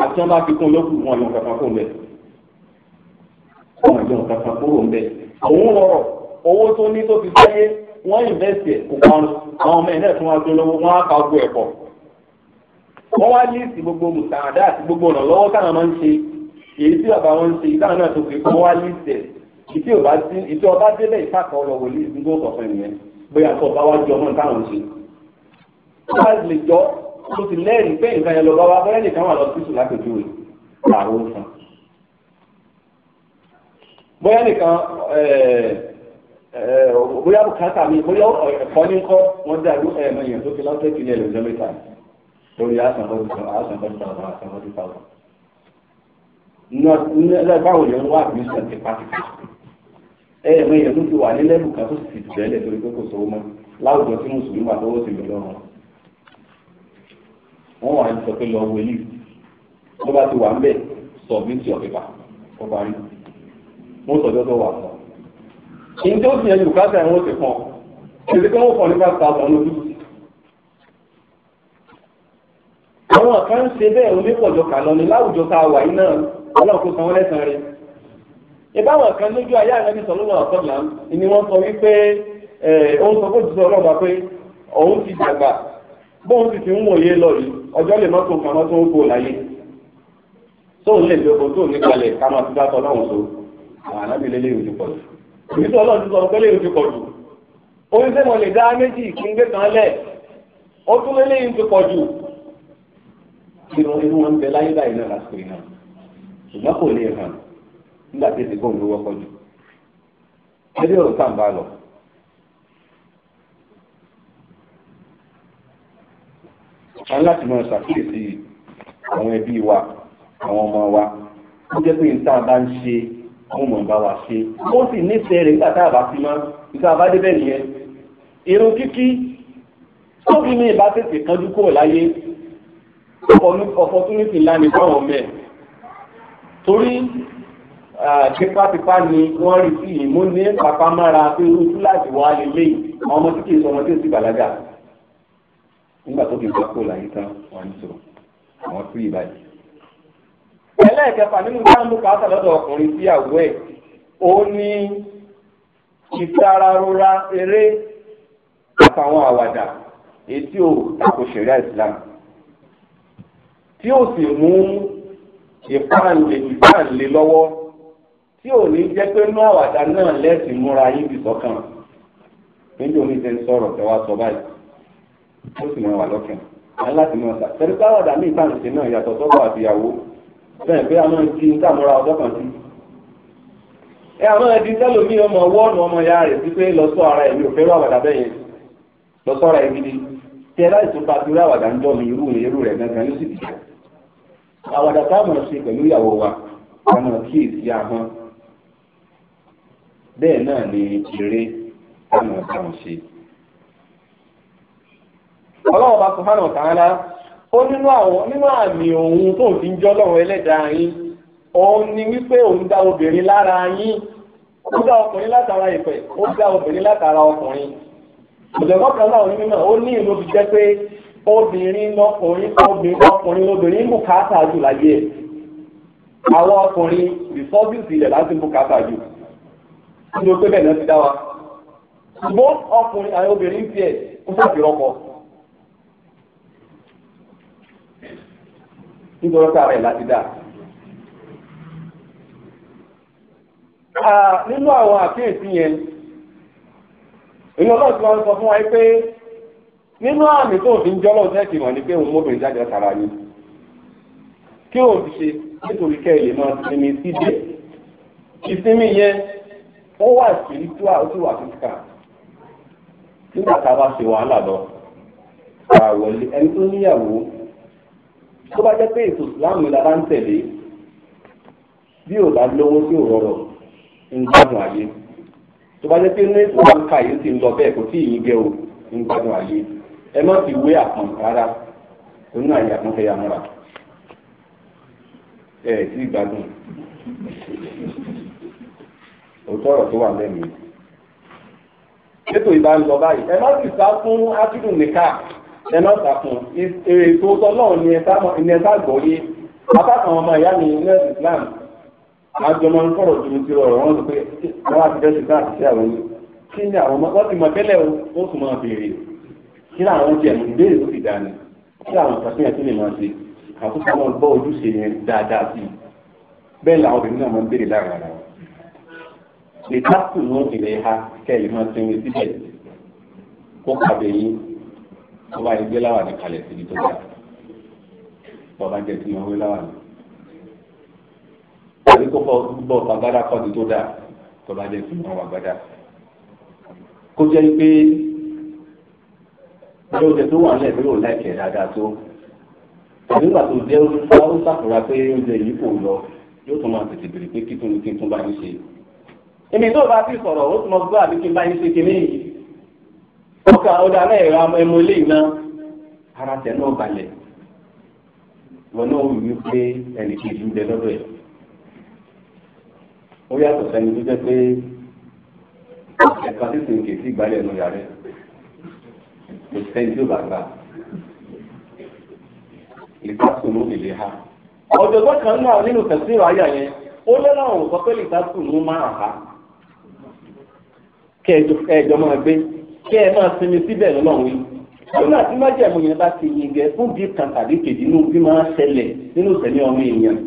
àti wọn bá fi kún lókù wọn yọ kankan kó mbẹ wọn yọ kankan kó mbẹ òun rọrọ owó tó ní tó fi sáyé wọn invest ẹ àwọn ọmọ ẹ náà tún wá tó wọn á gbogbo mùsàdá àti gbogbo ọ̀nà lọ́wọ́ máa ń ṣe èyí tí bàbá wọn ń ṣe náà tó fi ọba délẹ̀ nìyẹn bóyá mo sì lẹ́rìí pé nǹkan yẹn lọ bá wa bẹ́ẹ̀ nìkan wà lọ sí sùn lápèjúwe àwọn òfin. bóyá nìkan bóyá bùkátà mi bóyá ẹ̀kọ́ ní kọ́ wọ́n dàrú ẹ̀mọ èèyàn tó fi lọ́sẹ̀ kìíní ẹ̀lẹ́jọ́ mẹ́ta lórí àsànbọ́dún àsànbọ́dún tàwọn àsànbọ́dún tàwọn báwo lè ń wá admission ti pàtàkì ẹ̀ẹ̀mọ èèyàn tó ti wà ní lẹ́bù kan tó sì ti tẹ̀lé torí pé kò sówó mọ́ láwùjọ tí mùsùlùmí wà lọ́wọ́ sí mi lọ́rùn wọ́n wà ní sọ lọ bá ti wà ń bẹ̀ submit your paper kó parí mo sọ wà sọ. ìyẹn tó ti yẹn bùkátà ẹ̀ wọ́n ti pọ̀ èdè kan wọ́n kan bẹ́ẹ̀ onípọ̀jọ láwùjọ tá a wà yìí náà ọlọ́run kò san wọ́n lẹ́sàn rẹ̀. ìbáwọn kan lójú ayé àrẹ ọjọ́ lè mọ́tò nǹkan mọ́tò ń kó láyé tóun lè lóko tóun ní kalẹ̀ ká máa ti dákọ̀ lọ́hùn tó àwọn ànábì lé léyìn pọ̀ jù èmi ọlọ́run ti sọ pé léyìn ti pọ̀ jù orí sẹ́ mo lè dá méjì kí n gbé kan lẹ̀ ó tún lé léyìn ti pọ̀ jù irun wọn bẹ láyé báyìí náà lásìkò yìí náà ṣùgbọ́n kò lè hàn nígbà tí ń lówó pọ̀ jù a ní láti máa ṣàkíyèsí àwọn ẹbí wa àwọn ọmọ wa ó jẹ́ pé níta bá ń ṣe wọ́n mọ̀ bá wa ṣe ó sì nífẹ̀ẹ́ rẹ̀ nígbà tá a bá fi mọ́ nígbà bá débẹ̀ nìyẹn irun kíkí tóbi ní ìbá tètè kánjú kúrò láyé opportunity ńlá ni fáwọn ọmọ ẹ̀ torí tipátipá ni wọ́n rí sí ìmúni pàpámára pé irú kíláàsì wa lè léyìí àwọn ọmọ tí kì í sọ ọmọ tí ó sì bàlágà nígbà tó fi gbà kó láyé tán wọn sọ àwọn fúri ìbàdí. ẹlẹ́ẹ̀kẹfà nínú sáàmù kàásà lọ́dọ̀ ọkùnrin sí àwọ̀ ẹ̀ ó ní ìfararora eré àtàwọn àwàdà etí ò tako ṣẹ̀ríà Islam tí ó sì mú ìpáǹlé ìpáǹlé lọ́wọ́ tí ò ní jẹ́ pé nú àwàdà náà lẹ́sìn múra yín bìsọ̀kan níjọ́ mi ti sọ̀rọ̀ tẹ́wàá sọ báyìí ó sì máa wà lọ́kàn aláti máa sà pẹ̀lú pé àwàdà ní ìtàn ìṣe náà yàtọ̀ sọ́kọ̀ àtìyàwó bẹ́ẹ̀ pé a máa ń di ní tàmúra ọjọ́ kan sí. ẹ àwọn ẹbí sẹ́lòmí ọmọ wọ́ọ̀nù ọmọ ya rẹ̀ sí pé lọ sọ ara ẹ̀mí òfin rú àwàdà bẹ́ẹ̀ yẹn lọ sọ ara ẹ̀mí ni tẹ láì tún bá torí àwàdà ń dọ̀ mí irú irú rẹ̀ gangan yóò sì dìbò. àwàdà táwọn ṣe pẹ̀lú ìyàwó wa àwọn kíyèsí ahọ́n bẹ́ẹ̀ náà ni eré táwọn táwọn ṣe. ọlọ́run bá subhanahu wa ta'ala ó nínú àwọn nínú àmì òun tó ń fi ń jọ́ lọ́run ẹlẹ́dàá yín òun ni wípé òun dá obìnrin lára yín ó dá ọkùnrin látara ìpẹ́ ó dá obìnrin látara ọkùnrin ọ̀jọ̀gbọ́n kan náà ní mímọ̀ ó ní ìlú fi jẹ́ pé obìnrin lọkùnrin obìnrin lọkùnrin bùkátà jù láyé ẹ̀ àwọn ọkùnrin rìsọ́bìsì ilẹ̀ láti bùkátà jù pé bẹ́ẹ̀ ti dá wa nítorí ọ̀tá rẹ̀ láti dá. nínú àwọn àkíyèsí yẹn inú ọlọ́run ti wọ́n sọ fún wa pé nínú àmì tó fi ń jọ́ lọ́wọ́ sẹ́ẹ̀kì mọ̀ ni pé òun mọ́bìnrin jáde ọ̀tara ni kí o ti ṣe nítorí kẹ́ ẹ lè máa sinmi síbẹ̀ ìsinmi yẹn ó wà sí tó a ó sì wà kíkà nígbà tá a bá ṣe wàhálà lọ àwọlé ẹni tó níyàwó tó bá jẹ́ pé ètò ìsìláàmù la bá ń tẹ̀lé bí ò bá lówó sí òrọ̀rọ̀ ń gbádùn ayé tó bá jẹ́ pé ní ètò bá ń ka yìí ti ń lọ bẹ́ẹ̀ kò tí ì yín gẹ́ o ń gbádùn ayé ẹ má fi wé àpọ̀n rárá onú àyè àpọ̀n ya múra ẹ ẹ tí gbádùn òótọ́ ọ̀rọ̀ tó wà lẹ́nu ètò ìbá ń lọ báyìí ẹ má sì sá fún ákíndùn nìkan ẹ má sàkùn èrè tó tọ́lọ́run ni ẹ sá gbọ́ yé apákan ọmọ ìyá mi ní ẹ̀sìn Islam àjọ máa ń kọ̀rọ̀ ju ti rọrọ̀ wọn lọ pé wọ́n á ti bẹ́sẹ̀ náà sí àwọn yìí kí ni àwọn ọmọ wọ́n ti mọ tẹ́lẹ̀ o wọ́n sì máa béèrè kí làwọn oúnjẹ ẹ̀mí ìbéèrè ló fi dání kí làwọn ìtàkùnyẹ̀ tó lè máa ṣe àkókò àwọn gbọ́ ojúṣe yẹn dáadáa sí i bẹ́ẹ̀ làwọn obìnrin náà máa ń béèrè láàrin ara wọn. lè tákù ní ìrẹ̀ ha kẹ́ ẹ̀ máa sinmi síbẹ̀ kó kàbẹ̀yìn ọba ẹgbẹ́ láwà ní kalẹ̀ síbi tó dáa bàbá jẹ ti ìyàwó láwà ní. àbí kó fọ bọ̀ bàgádà kọ́ni tó dáa tọ́ba jẹ ti ìyàwó bàgádà. kó jẹ́ pé ilé oúnjẹ tó wà nílẹ̀ mi ò láìpẹ́ dáadáa tó tàbí ìgbà tó jẹ́ ó sàkóra pé oúnjẹ yìí kò lọ yóò tún máa tètè béèrè pé kí tún ní kí n tún bá yín ṣe. èmi tó bá ti sọ̀rọ̀ ó tún mọ gbọ́ àbí kí n bá yín ṣe kinní yìí. ọ̀dà náà ọmọ ẹmu ilé iná ara tẹ̀ náà balẹ̀ wọn náà wù mí pé ẹnì kejì ń bẹ lọ́dọ̀ ẹ̀ ó yàtọ̀ sẹ́ni tó jẹ́ pé ẹ̀ka títí ìgbàlẹ̀ ẹ̀nu yàrá kò sẹ́ni tó ha kan náà nínú yẹn ó sọ pé máa ha máa gbé kí ẹ máa sinmi síbẹ̀ lọ́wọ́ yìí lọ́nà tí májẹ̀mú yẹn bá ti yin gẹ fún bí kan tàbí kejì inú bí máa ṣẹlẹ̀ nínú ìṣẹ̀mí ọmọ èèyàn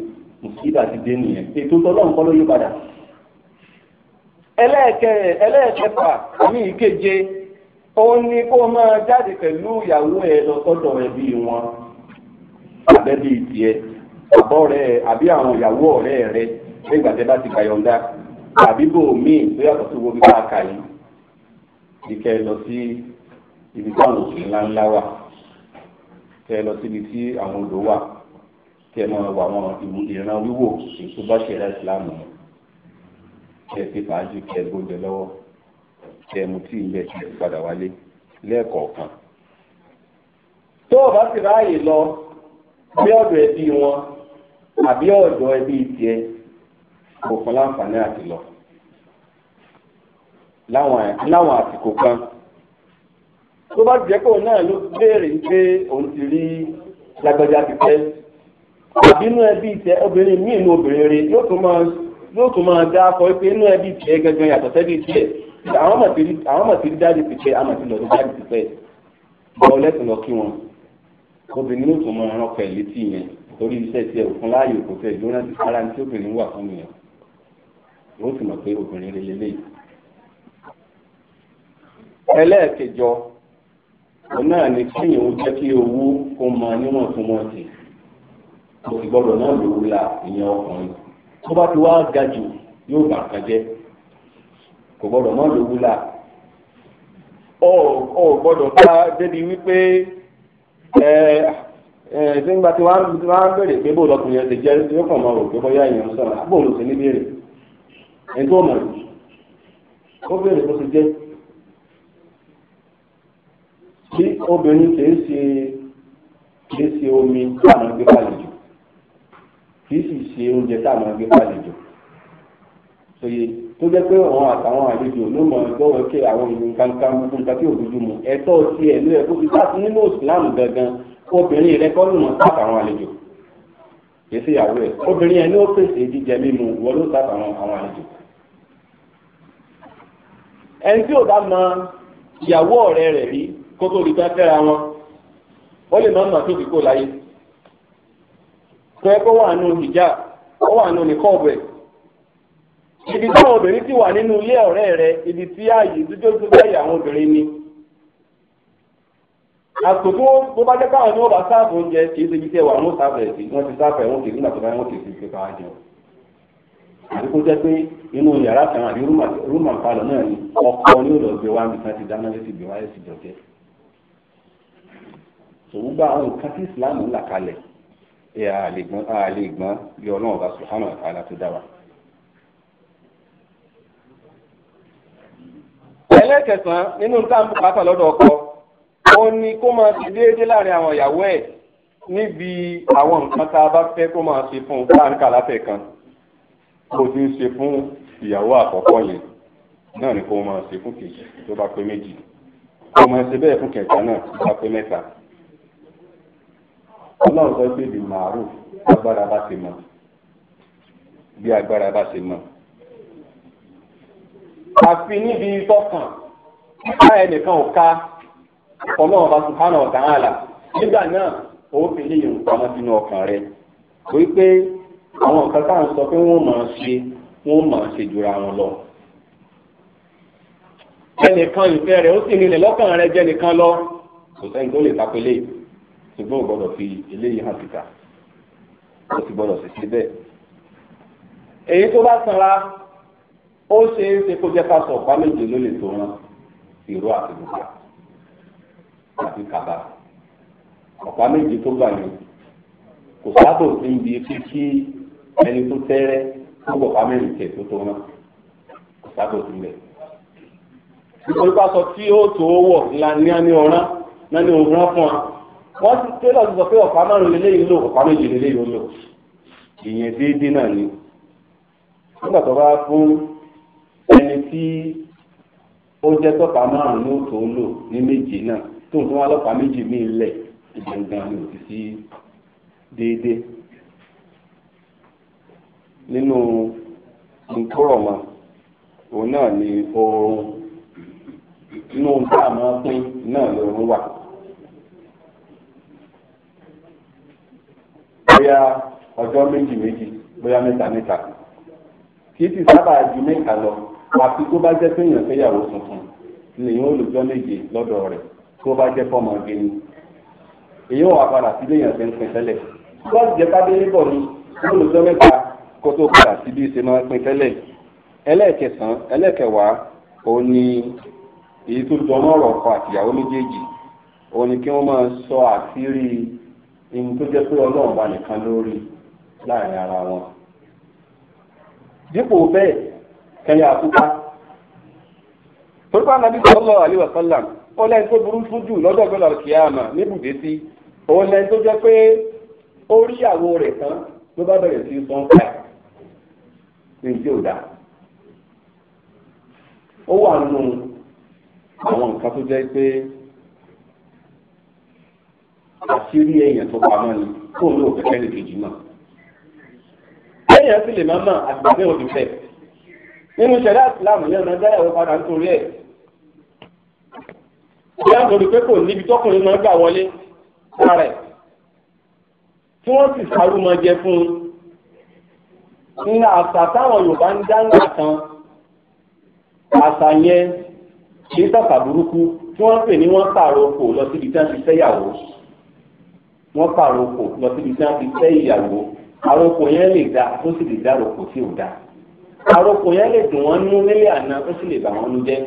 mùsùlùmí àti dé nìyẹn ètò tọ́lọ́ nǹkan ló yí padà. ẹlẹ́ẹ̀kẹ́ ẹlẹ́ẹ̀kẹfà àmì ìkeje òun ni kó máa jáde pẹ̀lú ìyàwó ẹ lọ sọ́dọ̀ wọn tiẹ̀ àbọ̀ rẹ àbí àwọn ìyàwó ọ̀rẹ́ rẹ nígbà tẹ́ bá ti àbí bò tó bí kẹ́ ẹ lọ sí ibi táwọn òkè ńláńlá wà kẹ́ ẹ lọ síbi tí àwọn odò wà kẹ́ ẹ máa wà wọn ìran wíwò èso bá ṣẹlẹ̀ ìsìlámù kẹ́ ẹ ti fàájì kẹ́ ẹ gbóúnjẹ lọ́wọ́ kẹ́ ẹ mu tí ìlẹ̀ kẹ́ ẹ padà wálé lẹ́ẹ̀kọ̀ọ̀kan. tó o bá sì ráàyè lọ bí ọ̀dọ̀ ẹbí wọn àbí ọ̀dọ̀ ẹbí tiẹ̀ kò fún láǹfààní àti lọ láwọn àsìkò kan tó bá jẹ́ pé òun náà ló béèrè pé òun ti rí lágbájá ti pẹ́ àbínú ẹbí tẹ obìnrin míì nu obìnrin rẹ yóò tún máa yóò tún máa dá akọ pé inú ẹbí tiẹ̀ gangan yàtọ̀ sẹ́bí tiẹ̀ àwọn ọmọ ti rí dájú ti pẹ́ àmọ̀ ti lọ́dún dájú ti pẹ́ bọ́ lẹ́sìn lọ kí wọn obìnrin yóò tún máa rán ọkọ̀ ẹ̀ létí yẹn torí iṣẹ́ tiẹ̀ òfin láàyè kò tẹ̀ ìdúró náà ti sára ní tí obìnrin wà fún mi yẹn yóò sì mọ̀ pé obìnrin rẹ lélẹ́yìí ẹlẹ́ẹ̀kẹjọ òun náà ni kéèyàn ó jẹ́ kí owó kó mọ níwọ̀ntúnwọ̀nsì kò sì gbọ́dọ̀ náà lówó la ìyẹn ọkùnrin tó bá ti wá ga jù yóò bà kan jẹ́ kò gbọ́dọ̀ náà lówó la ọ ọ gbọ́dọ̀ ká débi wípé ẹ ẹ nígbà tí wọ́n á bèrè pé bóòlù ọkùnrin ẹ̀ ti jẹ́ yóò kàn máa rò pé bóyá ìyẹn ń sọ̀rọ̀ bóòlù sí ní bèrè ẹ̀ mọ̀ ó bèrè bó ti jẹ́ bí obìnrin kìí ṣe kìí ṣe omi tá a máa gbé pàlejò kìí sì ṣe oúnjẹ tá a máa gbé pàlejò sóye tó jẹ́ pé àwọn àtàwọn àlejò ló mọ ìgbọwọ kí àwọn ìlú kankan gbogbo nǹkan tí òbí dùnmọ ẹ̀tọ́ ti ẹ ló yẹ kó fi sáà nínú ìsìlámù gangan obìnrin rẹ kọ́ ló mọ sáà àwọn àlejò kìí ṣe ìyàwó ẹ obìnrin ẹ ní ó pèsè jíjẹ mímu wọn ló sáà àwọn àlejò ẹni tí ò bá mọ ìyàwó ọ̀rẹ́ rẹ̀ rí kó tó rí tán fẹ́ra wọn ó lè má mà tó fi kó láyé kọ́ wà nù hijab ó wà nù ní kọ́ọ̀bù ẹ̀ ibi táwọn obìnrin ti wà nínú ilé ọ̀rẹ́ rẹ ibi tí ààyè dúdú tó báyìí àwọn obìnrin ni àtòkò tó bá jẹ́ káwọn ní wọ́n bá sáàbù oúnjẹ kì í ṣebi tí ẹwà wọn sáàbù ẹ̀ sí wọ́n ti sáàbù ẹ̀ wọ́n kì í nígbà tó bá wọ́n kì í fi fi káwá jẹun àti kó jẹ́ pé inú yàrá kan àbí rúmà palọ̀ náà ni ọkọ ni ó lọ nìkan ti dáná létí gbé wá ẹ̀sìn jọ sòwúgbà àwọn nǹkan tí islam ń là kalẹ̀ ẹ̀ àlègbọ́n àlègbọ́n bí ọlọ́run ọba subhanahu wa ta'ala tó dá wa. ẹlẹ́kẹsàn-án nínú táàmù pátá lọ́dọ̀ ọkọ ó ní kó máa ti déédéé láàrin àwọn ìyàwó ẹ̀ níbi àwọn nǹkan tá a bá fẹ́ kó máa ṣe fún un káàkà láfẹ̀ kan bó ti ń ṣe fún ìyàwó àkọ́kọ́ yẹn náà ni kó máa ṣe fún kejì tó bá pé méjì kó máa ṣe bẹ́ẹ̀ fún kẹta náà tó bá pé mẹ́ta ọlọ́run sọ pé bí màrú agbára bá ti mọ̀ bí agbára bá ti mọ̀. àfi níbi tọkàn ká ẹnìkan ò ká ọlọ́run bá subhanahu wa ta'ala nígbà náà ó fi lè yòó pamọ́ sínú ọkàn rẹ̀ wípé àwọn nǹkan tá à ń sọ pé wọ́n máa ṣe wọ́n máa ṣe jura wọn lọ ẹnìkan ìfẹ́ rẹ̀ ó sì nílẹ̀ lọ́kàn rẹ̀ jẹ́ nìkan lọ kò sẹ́ni tó lè tapẹ́lẹ́ yìí. ṣùgbọ́n ò gbọ́dọ̀ fi eléyìí hàn síta ó sì gbọ́dọ̀ sì ṣe bẹ́ẹ̀. èyí tó bá sanra ó ṣe é ṣe kó jẹ́ ká sọ ọ̀pá méje ló lè tó rán ìró àti àti kàbà ọ̀pá méje tó gbà yẹn kò sábò ẹni tó tẹ́rẹ́ tó gbọ̀pá mẹ́rin tẹ̀ tó tó kò sábò sí ibẹ̀ nítorí pásọ tí ó tó fún wa. wọ́n ti tẹ́lọ̀ ti sọ pé ọ̀pá márùn lélẹ́yìn lò ọ̀pá méjì lélẹ́yìn lò ìyẹn déédéé náà ni nígbà tó bá fún ẹni tí ó jẹ́ tọ́pá márùn ní òtò lò ní méjì náà tó ń fún wa lọ́pàá méjì míì lẹ̀ gbọ̀ngàn ní ò sí déédéé nínú nkúrọ̀mà òun náà ni oorun inú tá a máa pín náà lóorun wà. bóyá ọjọ́ méjì méjì bóyá mẹ́ta mẹ́ta kì í ti sábà ju mẹ́ta lọ àfi tó bá jẹ́ péyàn fẹ́yàwó tuntun lèyìn olùjọ́ méje lọ́dọ̀ rẹ̀ tó bá jẹ́ fọ́mọ gẹ́ni èyí wọn àpàdà sí léyìn ọ̀sẹ̀ ń pin tẹ́lẹ̀ bọ́ọ̀sì jẹ́ pàdé níbọ̀ ni olùjọ́ mẹ́ta kó tó padà sí bí ṣe máa ń pin tẹ́lẹ̀ ẹlẹ́ẹ̀kẹsàn-án ẹlẹ́ẹ̀kẹwàá òun ni èyí tó jọmọ́ ọ̀rọ̀ ọkọ àtìyàwó méjèèjì òun ni kí wọ́n máa sọ àṣírí ìhun tó jẹ́ pé ọlọ́run bá nìkan lórí láàrin ara wọn. dípò bẹ́ẹ̀ kẹyà àkúkà torípa nàbí sallallahu alaihi wasallam ó lẹ́yìn tó burú fún jù lọ́dọ̀ gbọ́dọ̀ kíyàmà níbùdé sí ó lẹ́yìn tó jẹ́ pé ó rí ìyàwó rẹ̀ tán ló bá bẹ̀rẹ̀ sí sọ́n fà ní tí ò ó wà nù àwọn nǹkan tó jẹ́ àti rí èèyàn tó pamọ́ ni kó ló kẹ́kẹ́ lè kejì mọ́. èèyàn sì lè máa mọ̀ àgbàgbé òdì fẹ́. nínú ìṣẹ̀lẹ̀ àtìláàmù yẹn máa dáyàwó padà nítorí ẹ̀. ìyá nítorí pé kò níbi tọkùnrin máa gbà wọlé lára ẹ̀. tí wọ́n sì sáré máa jẹ fún un. ní àṣà táwọn Yorùbá ń dá ńlá kan àṣà yẹn kì í sàṣà burúkú tí wọ́n pè ní wọ́n pààrọ̀ kò lọ síbi tí wọ́n ti fẹ́yàwó wọ́n pàrokò lọ síbi tí wọ́n ti fẹ́ ìyàwó àrokò yẹn lè da ó sì lè dá àrokò tí ò da àrokò yẹn lè dùn wọ́n nú nílé àná ó sì lè bà wọ́n nú jẹ́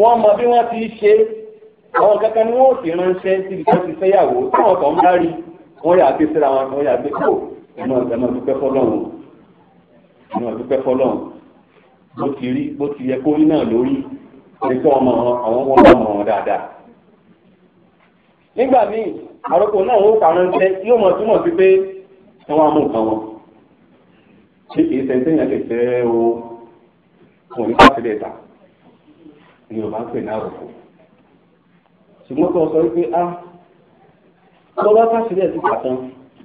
wọ́n mọ bí wọ́n ti ṣe àwọn kankan ni wọ́n sì ránṣẹ́ síbi tí wọ́n ti fẹ́ ìyàwó táwọn kan bá rí wọ́n yà á gbé síra wọn wọ́n yà á gbé kó ẹ̀mọ́ ẹ̀mọ́ dúpẹ́ fọlọ́run ẹ̀mọ́ dúpẹ́ fọlọ́run bó ti rí bó ti yẹ kó rí náà lórí ẹ̀kọ́ ọmọ àwọn ọmọ ọmọ dáadáa nígbà míì àròkọ náà ó parọ́ńtẹ́ yóò mọ̀ túmọ̀ sí pé wọ́n á mú nǹkan wọn ṣé kìí sẹ́ńtẹ́ yẹn lè fẹ́ o kò ní sátidé ta ni ò bá pè ní àròkọ ṣùgbọ́n kí wọ́n sọ wípé a ah, lọ́wọ́ sátidé ti pàtàn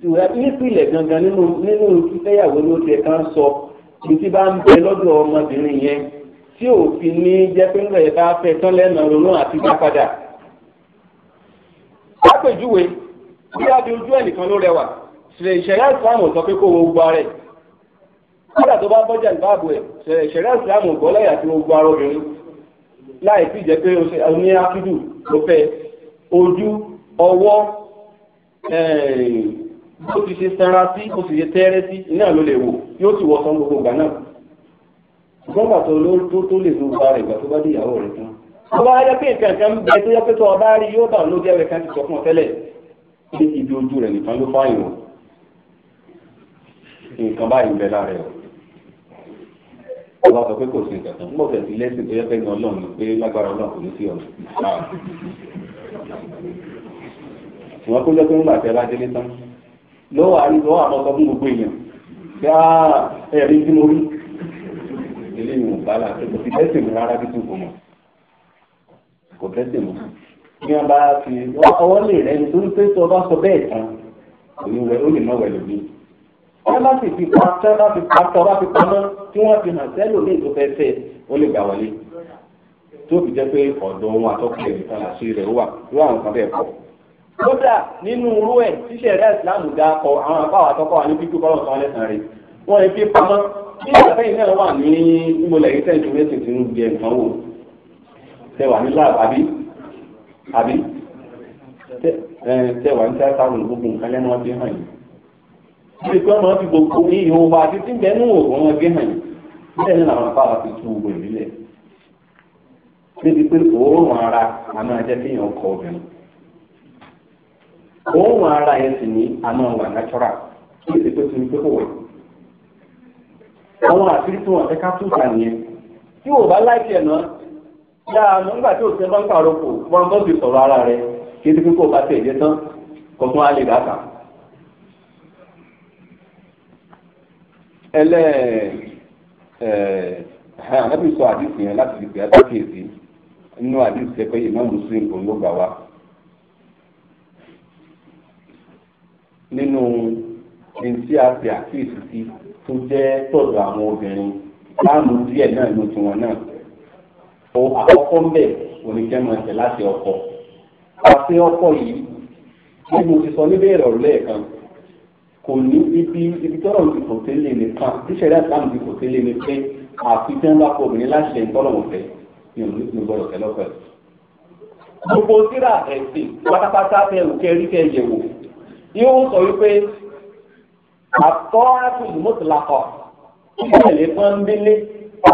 ìwà nípìnlẹ̀ gangan nínú nínú fífẹ́yàwó ló ti ẹ̀ka sọ ní bá ń bẹ lọ́dọ̀ ọmọbìnrin yẹn tí òfin ní jẹ́ bá fẹ́ tán lẹ́nu ronú àti gbá padà àpèjúwe bí adé ojú ẹnìkan ló rẹwà ìṣẹ̀rẹ́ ìsìlámù sọ pé kó wo gbogbo ara ẹ̀ kódà tó bá bọ́jà ìbáàbò ẹ̀ ìṣẹ̀rẹ́ ìsìlámù gbọ́ lẹ́yà tí gbogbo ara obìnrin láì sí jẹ́ pé oní áfídù ló fẹ́ ojú ọwọ́ bó ti ṣe sanra sí bó ti ṣe tẹ́rẹ́ sí iná ló lè wò yóò ti wọ̀ sán gbogbo ìgbà náà gbọ́gbà tó lè lo ìgbà rẹ̀ ìgbà tó bá dé ìyàwó rẹ̀ tán ọba ayé pé nǹkan kan bẹ tó yẹ pé tó ọba rí yóò bà lójú ẹ̀rẹ̀ kan ti sọ fún ọ tẹ́lẹ̀ ní ibi ojú rẹ̀ nìkan ló fáyìn o nǹkan báyìí ń bẹ lára ẹ̀ o ọba sọ pé kò sí nǹkan kan mo fẹ̀ sí lẹ́sìn tó yẹ pé gan ọlọ́run pé lágbára ọlọ́run kò ní sí ọ̀nà ṣùgbọ́n kó jẹ́ pé ń bà tẹ́ bá délé tán lọ́wọ́ àríwọ́ àmọ́sọ fún gbogbo èèyàn bí a ẹ̀rí tí mo rí eléyìí ò bá là tó kò sí lẹ́sìn rárá bí tó kò mọ̀ kò tẹ́sí mu bí wọn bá fi ọwọ́ lè rẹ ní torí pé tó o bá sọ bẹ́ẹ̀ tán òun rẹ ó lè má wẹ̀lú mi wọn bá sì fi pa tẹ́ bá fi pa tọ́ bá fi pamọ́ tí wọ́n fi hàn sẹ́lò ní ìtò fẹ́fẹ́ ó lè gbà wọlé tó fi jẹ́ pé ọ̀dọ̀ ohun àtọ́kùnrin nìkan àṣì rẹ̀ wà irú àwọn kan bẹ́ẹ̀ pọ̀ kódà nínú irú ẹ̀ ṣíṣe rẹ̀ ìsìláàmù dá kọ àwọn àbáwọ̀ àtọ́kọ̀ wà ní tẹwà ní lab àbí àbí tẹwà ní tíátà rò gbogbo nǹkan lẹ́nu ọdún hàn yìí. bí ìpín ọmọ fi gbogbo ní ìhòòhò àti tí ń bẹ nínú ọdún hàn yìí bẹ́ẹ̀ ni làwọn afárá fi tú gbogbo ìbílẹ̀ níbi pé òórùn ara àmọ́ ajẹ́ kéèyàn kọ obìnrin òórùn ara yẹn sì ní àmọ́ wà natural kí èsì pé tuntun pé kò wẹ̀ àwọn àfihàn tí wọ́n fẹ́ ká tún ta nìyẹn tí ò yáa nígbà tí òṣèlú bá ń pàrọ̀ kò sọ̀rọ̀ ara rẹ̀ kí ti kókó bá tẹ̀lé tán kò tún á lè kà. ẹlẹ́ ẹ̀ ànábì sọ àdìsí láti fi nínú àdìsí ẹ pé ìmọ̀ mùsùlùmí kò gbà wá. nínú àti àkíyèsí tó tọ̀dọ̀ àwọn obìnrin láàmú náà ló o àkọ́kọ́ ń bẹ̀ oníkẹ́mọ̀ ẹ̀sẹ̀ láti ọkọ̀ àti ọkọ̀ yìí bí mo ti sọ níbẹ̀ ìrọ̀rùn lẹ́ẹ̀kan kò ní ibi ibi tọ́rọ̀ ti kò tẹ́lẹ̀ nìkan tíṣẹ̀rí àtàmù ti kò tẹ́lẹ̀ ní pé àfi tẹ́ ń bá kọ obìnrin láti ṣe ìtọ́rọ̀ ọ̀fẹ́ ni òun ní gbọ́dọ̀ tẹ́lẹ̀ ọ̀fẹ́. gbogbo síra ẹ̀sìn pátápátá fẹ́ òkè rí fẹ́ yẹ̀wò yóò sọ wípé àtọ́ àtúntò mọ́tò lakọ̀ ìṣẹ̀lẹ̀ pọ́ńbélé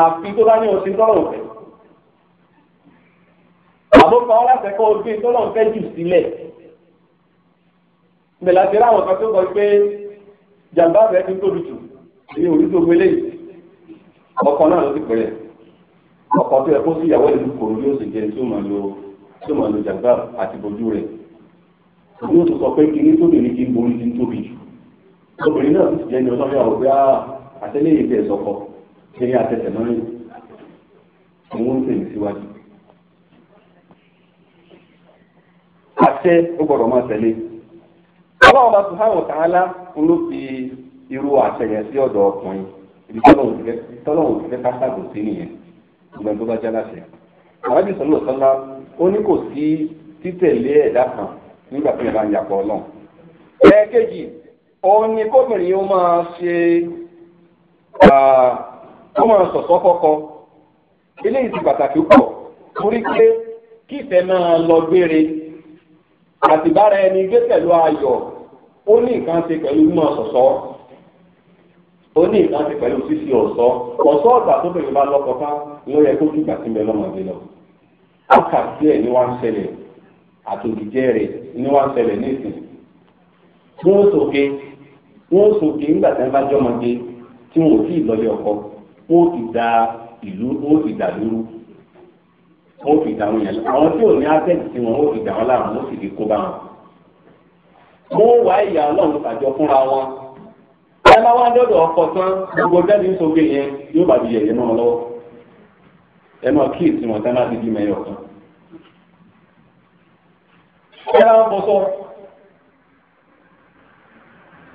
àfi tó bá ní oṣù tọ́rọ̀ ọ̀fẹ́ àmọ́ kan láti ẹ̀kọ́ ojú ìtọ́lọ̀ ń fẹ́ jù sílẹ̀ ìbẹ̀lẹ̀ àti ráwọn kan tó kọ pé jàǹbá rẹ̀ ti tóbi jù èyí ò rí tó gbélé ọkọ̀ náà ló ti pẹ̀rẹ̀ ọkọ̀ tó yẹ kó sí ìyàwó ìlú kòrò yóò sì jẹ tí ó máa lo tí ó máa lo jàǹbá àti bojú rẹ̀ yóò tó sọ pé kiri tóbi ní kí n borí ti tóbi jù obìnrin náà ah, ti jẹ́ ní ọlọ́run àwọn pé àtẹ́lẹ́yìn tẹ̀ sọkọ ṣe ní àtẹ̀tẹ̀ mọ́rin òun tẹ̀lé síwájú àṣẹ ó gbọ́dọ̀ máa tẹ̀lé ọlọ́run bá subhanahu wa ta'ala ló fi irú àṣẹ yẹn sí ọ̀dọ̀ ọkùnrin ibi tọ́lọ́run ti fẹ́ ká ṣàgbò sí nìyẹn ìgbà tó bá jáláṣẹ àwájú sọlọ sọlá ó ní kò sí títẹ̀lé ẹ̀dá kan nígbà tó yẹ bá ń yàpọ̀ ọlọ́run ẹ̀ẹ́kejì òun ni kóbìnrin ó máa ṣe ó máa sọ̀sọ́ kọ́kọ́ eléyìí ti pàtàkì pọ̀ torí pé kí ìfẹ́ máa lọ gbére àtibára ẹni gbé pẹ̀lú ayọ̀ ó ní nǹkan ṣe pẹ̀lú mímọ̀ ṣọ̀ṣọ́ ó ní nǹkan ṣe pẹ̀lú ṣíṣe ọ̀ṣọ́ ọ̀ṣọ́ ọ̀gbà tó bẹ̀rẹ̀ bá lọ́kọ̀ ká ló yẹ kó dùgbà sí mẹlọ́mọdé lọ. àkàtì ẹ̀ ni wọ́n ń ṣẹlẹ̀ àtòjìjẹ́ rẹ̀ ni wọ́n ń ṣẹlẹ̀ nísìn. wọ́n sòkè wọ́n sòkè nígbà tí wọ́n bá jọmọdé tí wọ́n ò tí ì lọ́lé ọkọ wọ́n ti da ìlú wọ́n ti dà lóru wọn ò fi dà wọn yẹn àwọn tí ò ní abẹ́ẹ̀tì tí wọn ò fi dà wọn lára wọn ò sì fi kó bá wọn. mo wá ìyá ọlọ́run tàjọ fúnra wọn ẹ máa wá dọ́dọ̀ ọkọ tán gbogbo jáde ń sọgbẹ́ yẹn yóò bá di yẹ̀yẹ́ náà lọ́wọ́ ẹ máa kí èsì wọn tán láti bí mẹ́yọ̀ kan. ẹ máa bọ̀ sọ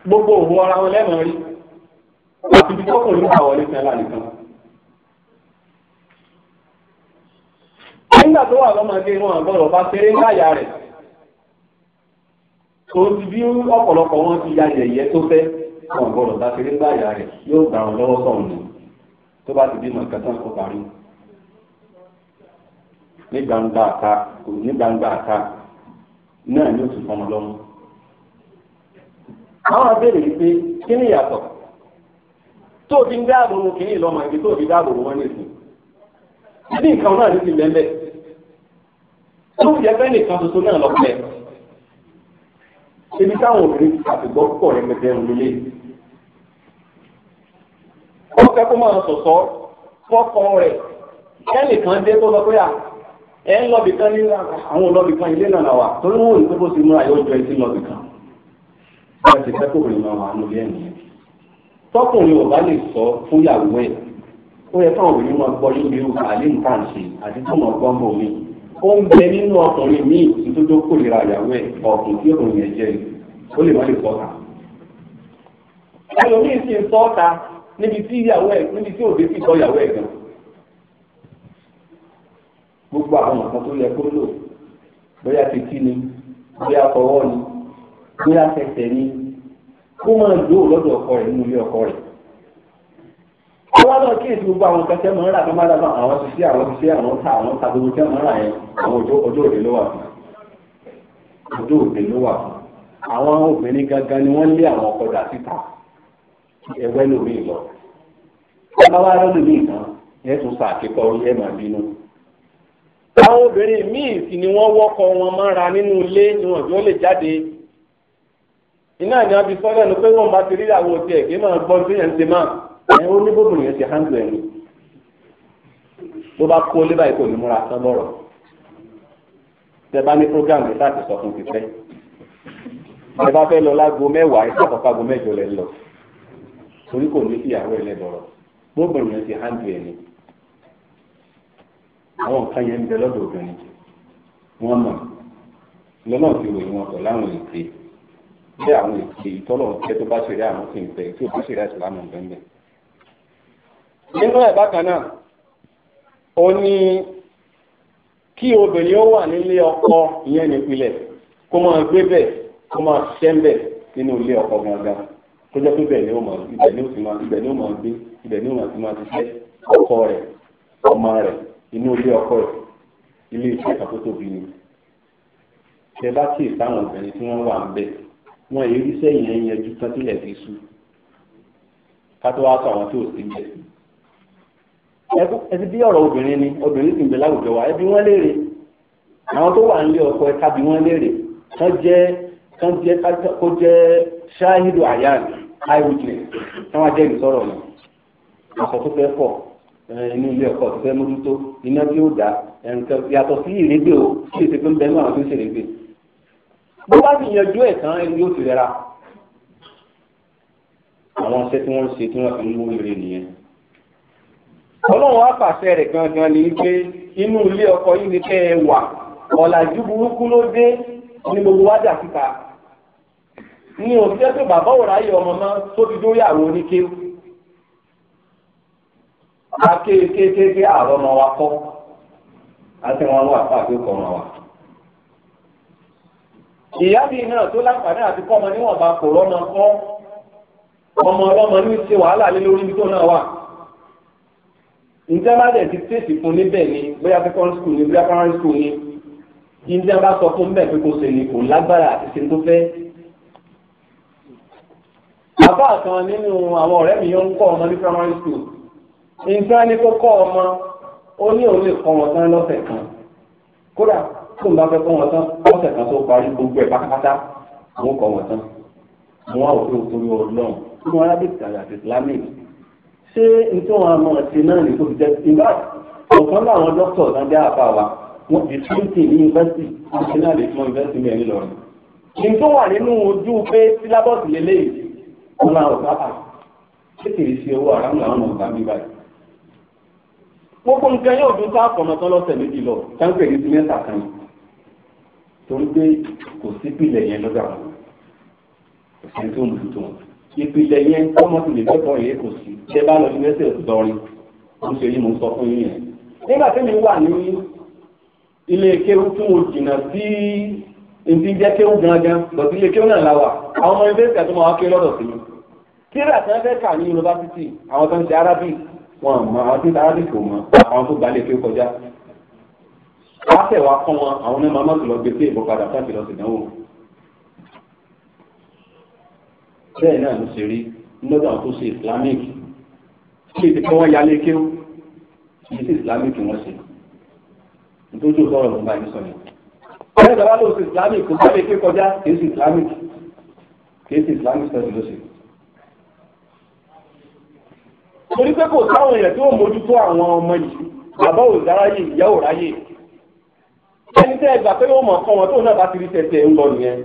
gbogbo òhun ara wọn lẹ́mọ̀ọ́ rí àti bí kọ́kùnrin bá wọlé fẹ́ lánìkan. nígbà tó wà lọ́mọdé wọn àgbọ̀rọ̀ bá kéré láyà rẹ̀ tó ti bí ọ̀pọ̀lọpọ̀ wọn ti ya yẹ̀yẹ́ tó fẹ́ wọn àgbọ̀rọ̀ bá kéré láyà rẹ̀ yóò gbà wọn lọ́wọ́ sọ̀rọ̀ nù tó bá ti bí mọ̀ kẹta kó parí ní àta náà ni ó ti fọmọ lọ́mọ. àwọn abéèrè yìí kí ni ìyàtọ̀ tó o ti ń dáàbò wọn kì í lọ́mọ ibi tó o ti dáàbò wọn nìsín. ní nǹkan náà ló ti lẹ́lẹ̀ ó yẹ fẹ́ nìkan tuntun náà lọ́pẹ́ ebi táwọn obìnrin ti àtìgbọ́ pọ̀ rẹpẹtẹ òrùlé ó fẹ́ kó máa sọ̀sọ́ rẹ̀ kẹ́nìkan dé kan àwọn kan ilé náà wà ní kókó sí etí lọ́bì kan ti fẹ́ kó máa wà tọkùnrin ò bá lè sọ fún ìyàwó ó yẹ káwọn obìnrin máa gbọ́ bí ó ń bẹ nínú ọkùnrin míì tuntun tó kórìíra ìyàwó ẹ ọkùnrin tí òun yẹn jẹ ó lè má lè sọta. ẹlòmíì sì ń sọta níbi tí ìyàwó ẹ níbi tí òde sì sọ ìyàwó ẹ gan. gbogbo àwọn nǹkan tó yẹ kó lò bóyá títí ni bóyá fọwọ́ ni bóyá tẹsẹ̀ ni kó máa lò lọ́dọ̀ ọkọ rẹ̀ nínú ilé ọkọ rẹ̀. àwọn náà kí èsì gbogbo àwọn kẹsẹ́ mọ̀ ń rà tó má dábàá àwọn ti àwọn ti àwọn ta àwọn ta gbogbo kẹ́ yẹn àwọn ọjọ́ òde ló wà àwọn obìnrin gangan ni wọ́n lé àwọn ọkọ dà síta lọ tún máa bínú. àwọn obìnrin míì ni wọ́n ti rí àwọn òtí kí ẹ ó ní bóbìnrin yẹn ti handle ẹ̀ ni tó bá kó lébà yìí kò ní múra sọ lọ́rọ̀ tẹ bá ní program yìí láti sọ fún fífẹ́ tẹ bá fẹ́ lọ lágo mẹ́wàá ẹ̀ sọ̀kọ̀ fágo mẹ́jọ lẹ́ lọ torí kò ní ìyàwó ẹ̀ lẹ́bọ̀rọ̀ bóbìnrin yẹn ti handle ẹ̀ ni àwọn nǹkan yẹn ń bẹ lọ́dọ̀ obìnrin wọ́n mọ̀ lọ́nà tí òyìn wọn pẹ̀lú àwọn ète bí àwọn ète ìtọ́lọ̀ ń tẹ́ tó bá ṣe rí àwọn tí ń tẹ́ tí ò bá ṣe rí àṣìlámù bẹ́ẹ̀ nínú ẹ̀ bákan náà ó ní kí obìnrin ó wà nílé ọkọ ìyẹn nípìnlẹ̀ kó máa gbé bẹ̀ kó máa ṣiṣẹ́ bẹ̀ nínú ilé ọkọ gangan tó jẹ́ pé ni ó máa ibẹ̀ ni ó ti máa ibẹ̀ ni ó máa gbé ibẹ̀ ni ó máa ti máa ṣiṣẹ́ ọkọ rẹ̀ ọmọ rẹ̀ inú ilé ọkọ rẹ̀ ilé iṣẹ́ kan tó tóbi ni ṣe bá kí ìtàwọn obìnrin tí wọ́n wà ń bẹ̀ wọ́n èyí iṣẹ́ yẹn yanjú tán tilẹ̀ fi ká tó wá sọ àwọn bẹ̀ ẹbí bí ọ̀rọ̀ obìnrin ni obìnrin sì ń bẹ láwùjọ wa ẹbí wọ́n léèrè àwọn tó wà ọkọ ẹka bi wọ́n léèrè kan jẹ kán jẹ́ kó jẹ́ ṣáhídù kan eyewitness jẹ ajẹ́rìí sọ̀rọ̀ ni àṣọ tó fẹ́ fọ̀ inú ilé ọkọ tó fẹ́ mójútó iná tí ó dá yàtọ̀ o kí èsì ń bẹ tó ń ṣèrégbè bó bá ti yanjú ẹ̀ tán ẹni yóò ti rẹra àwọn tí ṣe ọlọ́run wá pàṣẹ rẹ̀ gangan ni pé inú ilé ọkọ yìí ni kẹ́ ẹ wà ọ̀làjú burúkú ló dé ní gbogbo wájà síta ní òṣìṣẹ́ pé bàbá òrà yìí ọmọ náà tó ti dórí àwọn oníké akéékéékéé àrọ́ ọmọ wa kọ́ àti wọn wà wa. ìyá mi náà tó láǹfààní àti kọ́ ọmọ níwọ̀nba ọmọ ọlọ́mọ ní wàhálà lé lórí ibi tó njẹ́ bá dẹ̀ ti tèsì fún níbẹ̀ ni bóyá secondary school ni bóyá primary school ni kí njẹ́ bá sọ fún bẹ́ẹ̀ pé kò ṣe ni kò lágbára àti ṣe tó fẹ́. bàbá kan nínú àwọn ọ̀rẹ́ mi yóò ń kọ́ ọmọ ní primary school njẹ́ ní kó kọ́ ọmọ ó ní òun lè kọ́ wọn tán lọ́sẹ̀ kan kódà tó ń bá fẹ́ kọ́ wọn tán lọ́sẹ̀ kan tó parí gbogbo ẹ̀ pátápátá àwọn kọ́ wọn tán wọn á òfin òfin ọlọ́run ṣé nítorí wọn mọ̀ sí náà ní tóbi jẹ́ ìgbà ọ̀kan láwọn dókítà ọ̀dájẹ́ àbá wa wọ́n ti tún tì ní yunifásitì national ìtumọ̀ yunifásitì mi ẹni lọ́rùn. ní tó wà nínú ojú pé sílábọ̀sì lélẹ́yìí wọn làwọn ọ̀gá bà ṣé kìí ṣe owó àrà làwọn ọ̀gá mi báyìí. gbogbo nǹkan yóò dún sáà pọ̀nà tán lọ́sẹ̀ méjì lọ táǹpẹ̀ ní símẹ́ǹtà kan torí pé kò sí pìlẹ̀ yẹn lọ́dọ̀ àwọn òṣèlú tó ń bùtò wọn ìpìlẹ̀ yẹn ọmọkùnrin lẹ́kọ̀ọ́ yẹn kò sí ṣé bá lọ sí mẹ́sẹ̀ òtítọ́rin mo ṣe yìí mo sọ fún yín yẹn. nígbà tí mi wà ní ilé kéwú tí mo jìnnà sí ibi jẹ́ kéwú gangan lọ́sí ilé kéwú náà la wà àwọn ọmọ ẹgbẹ́ ìgbà tó máa wá ké lọ́dọ̀ sí mi. tíra tí wọ́n fẹ́ kà ní yunifásitì àwọn tó ń ṣe arabic wọn mọ àwọn tí ń ṣe arabic kò mọ àwọn tó gbalẹ̀ kéwú kọjá. wọ́n á tẹ̀ wá wọn àwọn bẹ́ẹ̀ náà ló ṣe rí lọ́dọ̀ àwọn tó ṣe islamic kí èdè kí wọ́n yálé kéwú kí sí islamic wọ́n ṣe nítorí ọ̀rọ̀ ló ń bá yín sọ yẹn. ọ̀rẹ́ ìjọba ló ṣe islamic kò sáré ké kọjá kì í sí islamic kì í sí islamic sẹ́yìn ló ṣe. torí pé kò sáwọn èèyàn tí ó mójútó àwọn ọmọ yìí bàbá ò dáráyè ìyá ò ráyè ẹni tẹ́ ẹ gbà pé ó mọ̀ ọkọ wọn tóun náà bá ti rí tẹ̀tẹ̀ ń lọ nìyẹn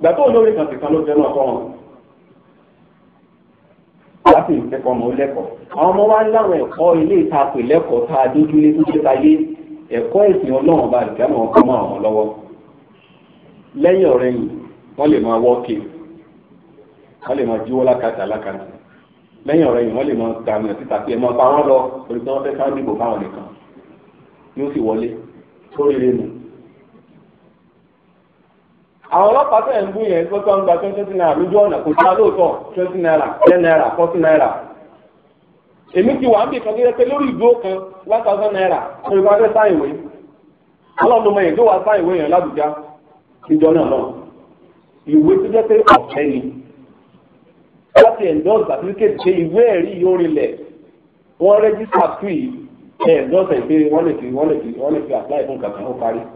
gbà tóun lórí kan láti ìkẹ́kọ̀ọ́ ọmọ lẹ́kọ̀ọ́ àwọn ọmọ wa ń láwọn ẹ̀kọ́ ilé ìtàkùn lẹ́kọ̀ọ́ tá a dójú lé tó ṣe táyé ẹ̀kọ́ ẹ̀sìn ọlọ́run bá ìjà náà kọ́ mọ́ àwọn lọ́wọ́ lẹ́yìn ọ̀rẹ́ yìí wọ́n lè máa wọ́ọ̀kì wọ́n lè máa jíwọ́ lákàtà lákàtà lẹ́yìn ọ̀rẹ́ yìí wọ́n lè máa àwọn ọlọ́pàá tẹ̀ ń bú yẹn tó tọ́ ń gba twenty naira lójú ọ̀nà kò dá lóòótọ́ twenty naira ten naira forty naira èmi ti wà ń bì kan lórí ìdúró kan one thousand naira lórí wọn fẹ́ sáyìn wé ọlọ́run ọmọ yẹn yẹn lábùjá ìjọ náà ìwé tó jẹ́ pé ọ̀fẹ́ ni endorse certificate ṣe ìwé ẹ̀rí ìyórinlẹ̀ wọ́n register fee ẹ̀ endorse ẹ̀ pé wọ́n lè fi wọ́n lè fi wọ́n lè fi apply fún ó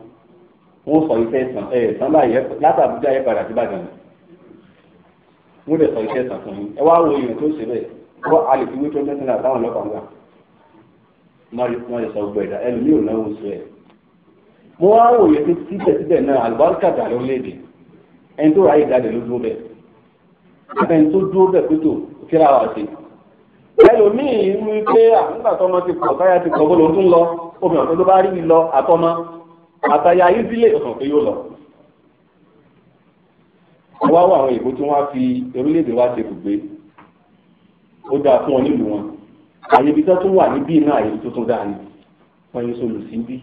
wọ́n sọ iṣẹ́ ìsàn ẹ̀ ẹ̀sán báyìí láti Àbújá yẹ padà sí Ìbàdàn lè sọ iṣẹ́ ìsàn fún yín ẹ wá wo èèyàn tó ṣe bẹ́ẹ̀ wọ́n a lè fi wí tó mẹ́sìn táwọn ọlọ́pàá ń gbà wọ́n lè sọ gbọ́ ẹ̀dá ẹlòmíì ò náwó sọ ẹ̀. mo wá wòye pé síbẹ̀síbẹ̀ náà àlùbáríkà dà lórílẹ̀‐èdè ẹni tó ráyè jáde ló dúró bẹ̀ abẹ́ni tó dúró bẹ̀ pétò kíra wà sí. ẹlòmíì ń wí pé àgbàtọ́ ọmọ ti pọ̀ káyà ti pọ̀ kó àtàyà yín sílẹ̀ ọ̀sán pé yóò lọ. wá wọ àwọn èèbó tí wọ́n á fi orílẹ̀-èdè wa ṣe bùgbé ó dáa fún wọn nílùú wọn àyè ibi tó tún wà níbí náà àyè tó tún dáa ni wọ́n yóò sọ̀rọ̀ sí bí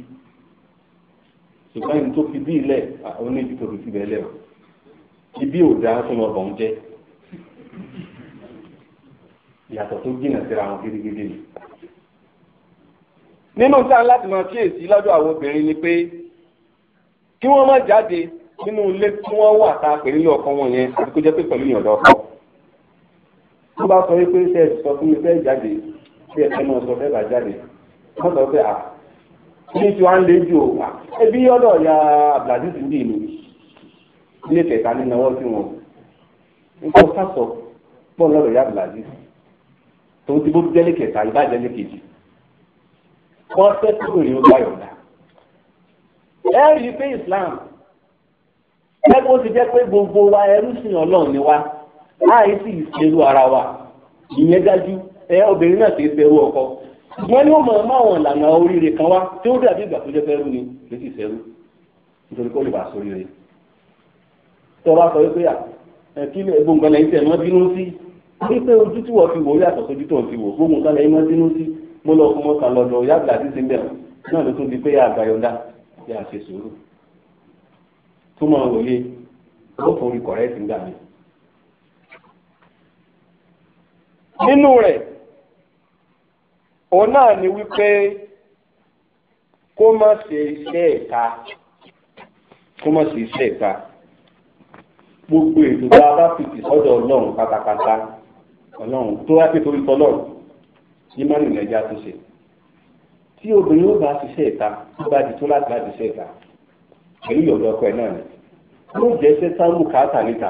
ṣùgbọ́n ẹni tó fi bí ilẹ̀ àwọn oníbi tó fi bẹ̀ lẹ̀ o ibi ò dáa fún ọmọ ọ̀hún jẹ́ ìyàtọ̀ tó jìnnà síra wọn gidigidi ni nínú sáà láti máa kíyèsí lọ́dọ̀ àwọn obìnrin ni pé kí wọ́n má jáde nínú ilé tí wọ́n wà tá a ọkọ wọn yẹn àti kó jẹ́ pé pẹ̀lú ìyọ̀dọ̀ ọkọ. tó bá sọ ṣe sọ fún mi fẹ́ jáde ṣe é ẹnu ọ̀sọ̀ fẹ́ bá jáde wọ́n sọ pé à ní tí wọ́n á lé jù ó ẹbí ọ̀dọ̀ ya abdulaziz ń bì mí ilé kẹta ní sí wọn nǹkan pọ̀ lọ́dọ̀ ya abdulaziz tòun ti bó jẹ́lé ẹ rí Islam ẹ kó ti jẹ́ pé gbogbo wa ẹrú sìn Ọlọ́run ni wa láì sì ṣerú ara wa ìyẹn dájú ẹ obìnrin náà ti ṣerú ọkọ ṣùgbọ́n ní ọmọ ọmọ àwọn ìlànà oríire kan wá tí ó dàbí ìgbà tó fẹ́rú ni kì í sì nítorí kó lè bá sóríire tó o bá sọ wípé kí ni gbogbo tí máa bínú sí wípé ojú fi wò ó tó ń fi wò gbogbo nǹkan lẹ́yìn máa bínú sí mo lọ fún lọ́dọ̀ àti náà ló ya a ṣe sùúrù wòye ó forí kọ̀rẹ́tì ń gbà nínú náà ni wípé kó má ṣe iṣẹ́ ẹ̀ka kó má ṣe iṣẹ́ ẹ̀ka gbogbo ètò tá a bá fìtì pátápátá tó wá pé torí tí obìnrin ó bá ṣiṣẹ́ ìta tó bá di tó láti láti ṣiṣẹ́ ìta pẹ̀lú ìyọ̀dọ̀ ọkọ ẹ̀ náà ni yóò jẹ́ iṣẹ́ sáwù káàtà níta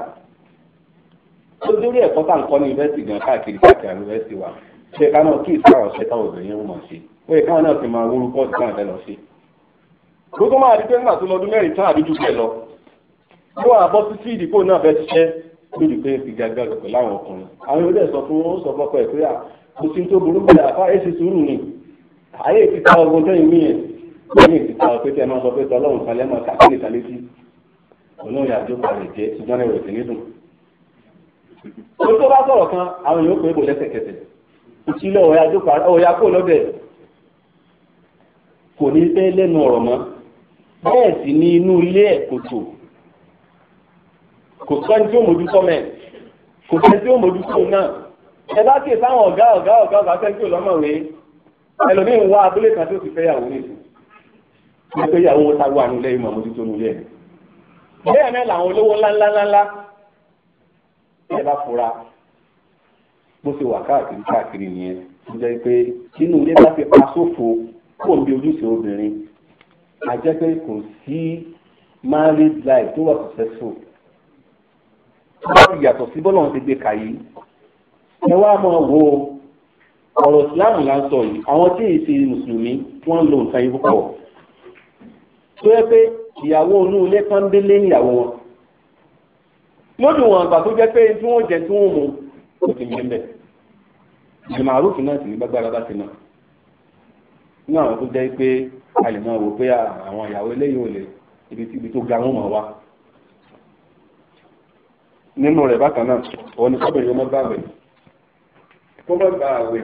tó dórí ẹ̀kọ́ tá à ń kọ́ ní yunifásitì gan káàkiri káàkiri àwọn yunifásitì wa ṣe ká náà kí ìsáwọ̀ ṣe táwọn obìnrin ń mọ̀ sí ó yẹ káwọn náà ti máa wúru kọ́ọ̀sì káwọn fẹ́ lọ sí. gbogbo máa rí pé nígbà tó lọ́dún mẹ́rin tán àdújú pẹ̀ lọ ó wà bọ́ sí fíìdì kó náà fẹ́ ṣiṣẹ́ lórí pé fi gàgà rẹ̀ pẹ̀lú àwọn ọkùnrin àwọn ilé sọ fún ó sọ fọ́kọ ẹ̀ pé à kò sí tó burú pẹ̀lú àfa èsì sùúrù ni ayé ìfita ogun tó ìwé yẹn lẹ́yìn ìfita ọ̀pẹ́ tí a máa sọ pé tọ́lọ́run kan lẹ́mọ̀ kàkí nìkan létí olóyè àjọpọ̀ rẹ̀ jẹ́ ṣùgbọ́n ẹ̀rọ ìsìn nídùn. ó tó bá sọ̀rọ̀ kan àwọn èèyàn pè é bò lẹ́sẹ̀kẹsẹ̀ ìṣílẹ̀ ọ̀yà kò lọ́dẹ̀ kò ní fẹ́ lẹ́nu ọ̀rọ̀ mọ́ bẹ́ẹ̀ sì ni inú ilé ẹ̀ kò tò kò sọ́ni tí ó mójú sọ́mẹ̀ kò sẹ́ni tí ó mójú sọ́mẹ̀ náà ẹ bá kè sáwọn ọ̀gá ọ̀gá ọ̀gá ọ̀gá sẹ́ni tí ò lọ́mọ̀wé ẹlòmíín wá abúlé kan tó ti fẹ́ yàwó nìyí wọ́n fẹ́ yàwó ta wà nílẹ̀ ìmọ̀ mójútó nílẹ̀ bẹ́ẹ̀ náà làwọn olówó ńláńláńlá ẹ bá fura bó ṣe wà káàkiri káàkiri nìyẹn ó jẹ́ pé nínú ilé bá fi pa sófo kó n bí ojúṣe obìnrin a jẹ́ pé kò sí married life tó wà successful tó bá ti yàtọ̀ sí bọ́lá wọn ti gbé kàyí ẹ wá máa wo ọ̀rọ̀ ìsìláàmù là ń sọ yìí àwọn tí èsì mùsùlùmí wọ́n ń lo nǹkan yìí púpọ̀ tó yẹ pé ìyàwó inú ilé kan ń délé ìyàwó wọn lódì wọn àgbà tó jẹ́ pé tí wọ́n jẹ tí wọ́n mu kò sì mí bẹ̀ ìgbìmọ̀ àrùkù náà sì ní gbàgbára bá ti nà ní àwọn tó jẹ́ pé a lè máa wò pé àwọn ìyàwó eléyìí ò lè ibi tó ga wọn mọ̀ wá nínú rẹ̀ bákan náà òun ni kọ́bìnrin ọmọ bá wẹ̀ kó bá gba àwẹ̀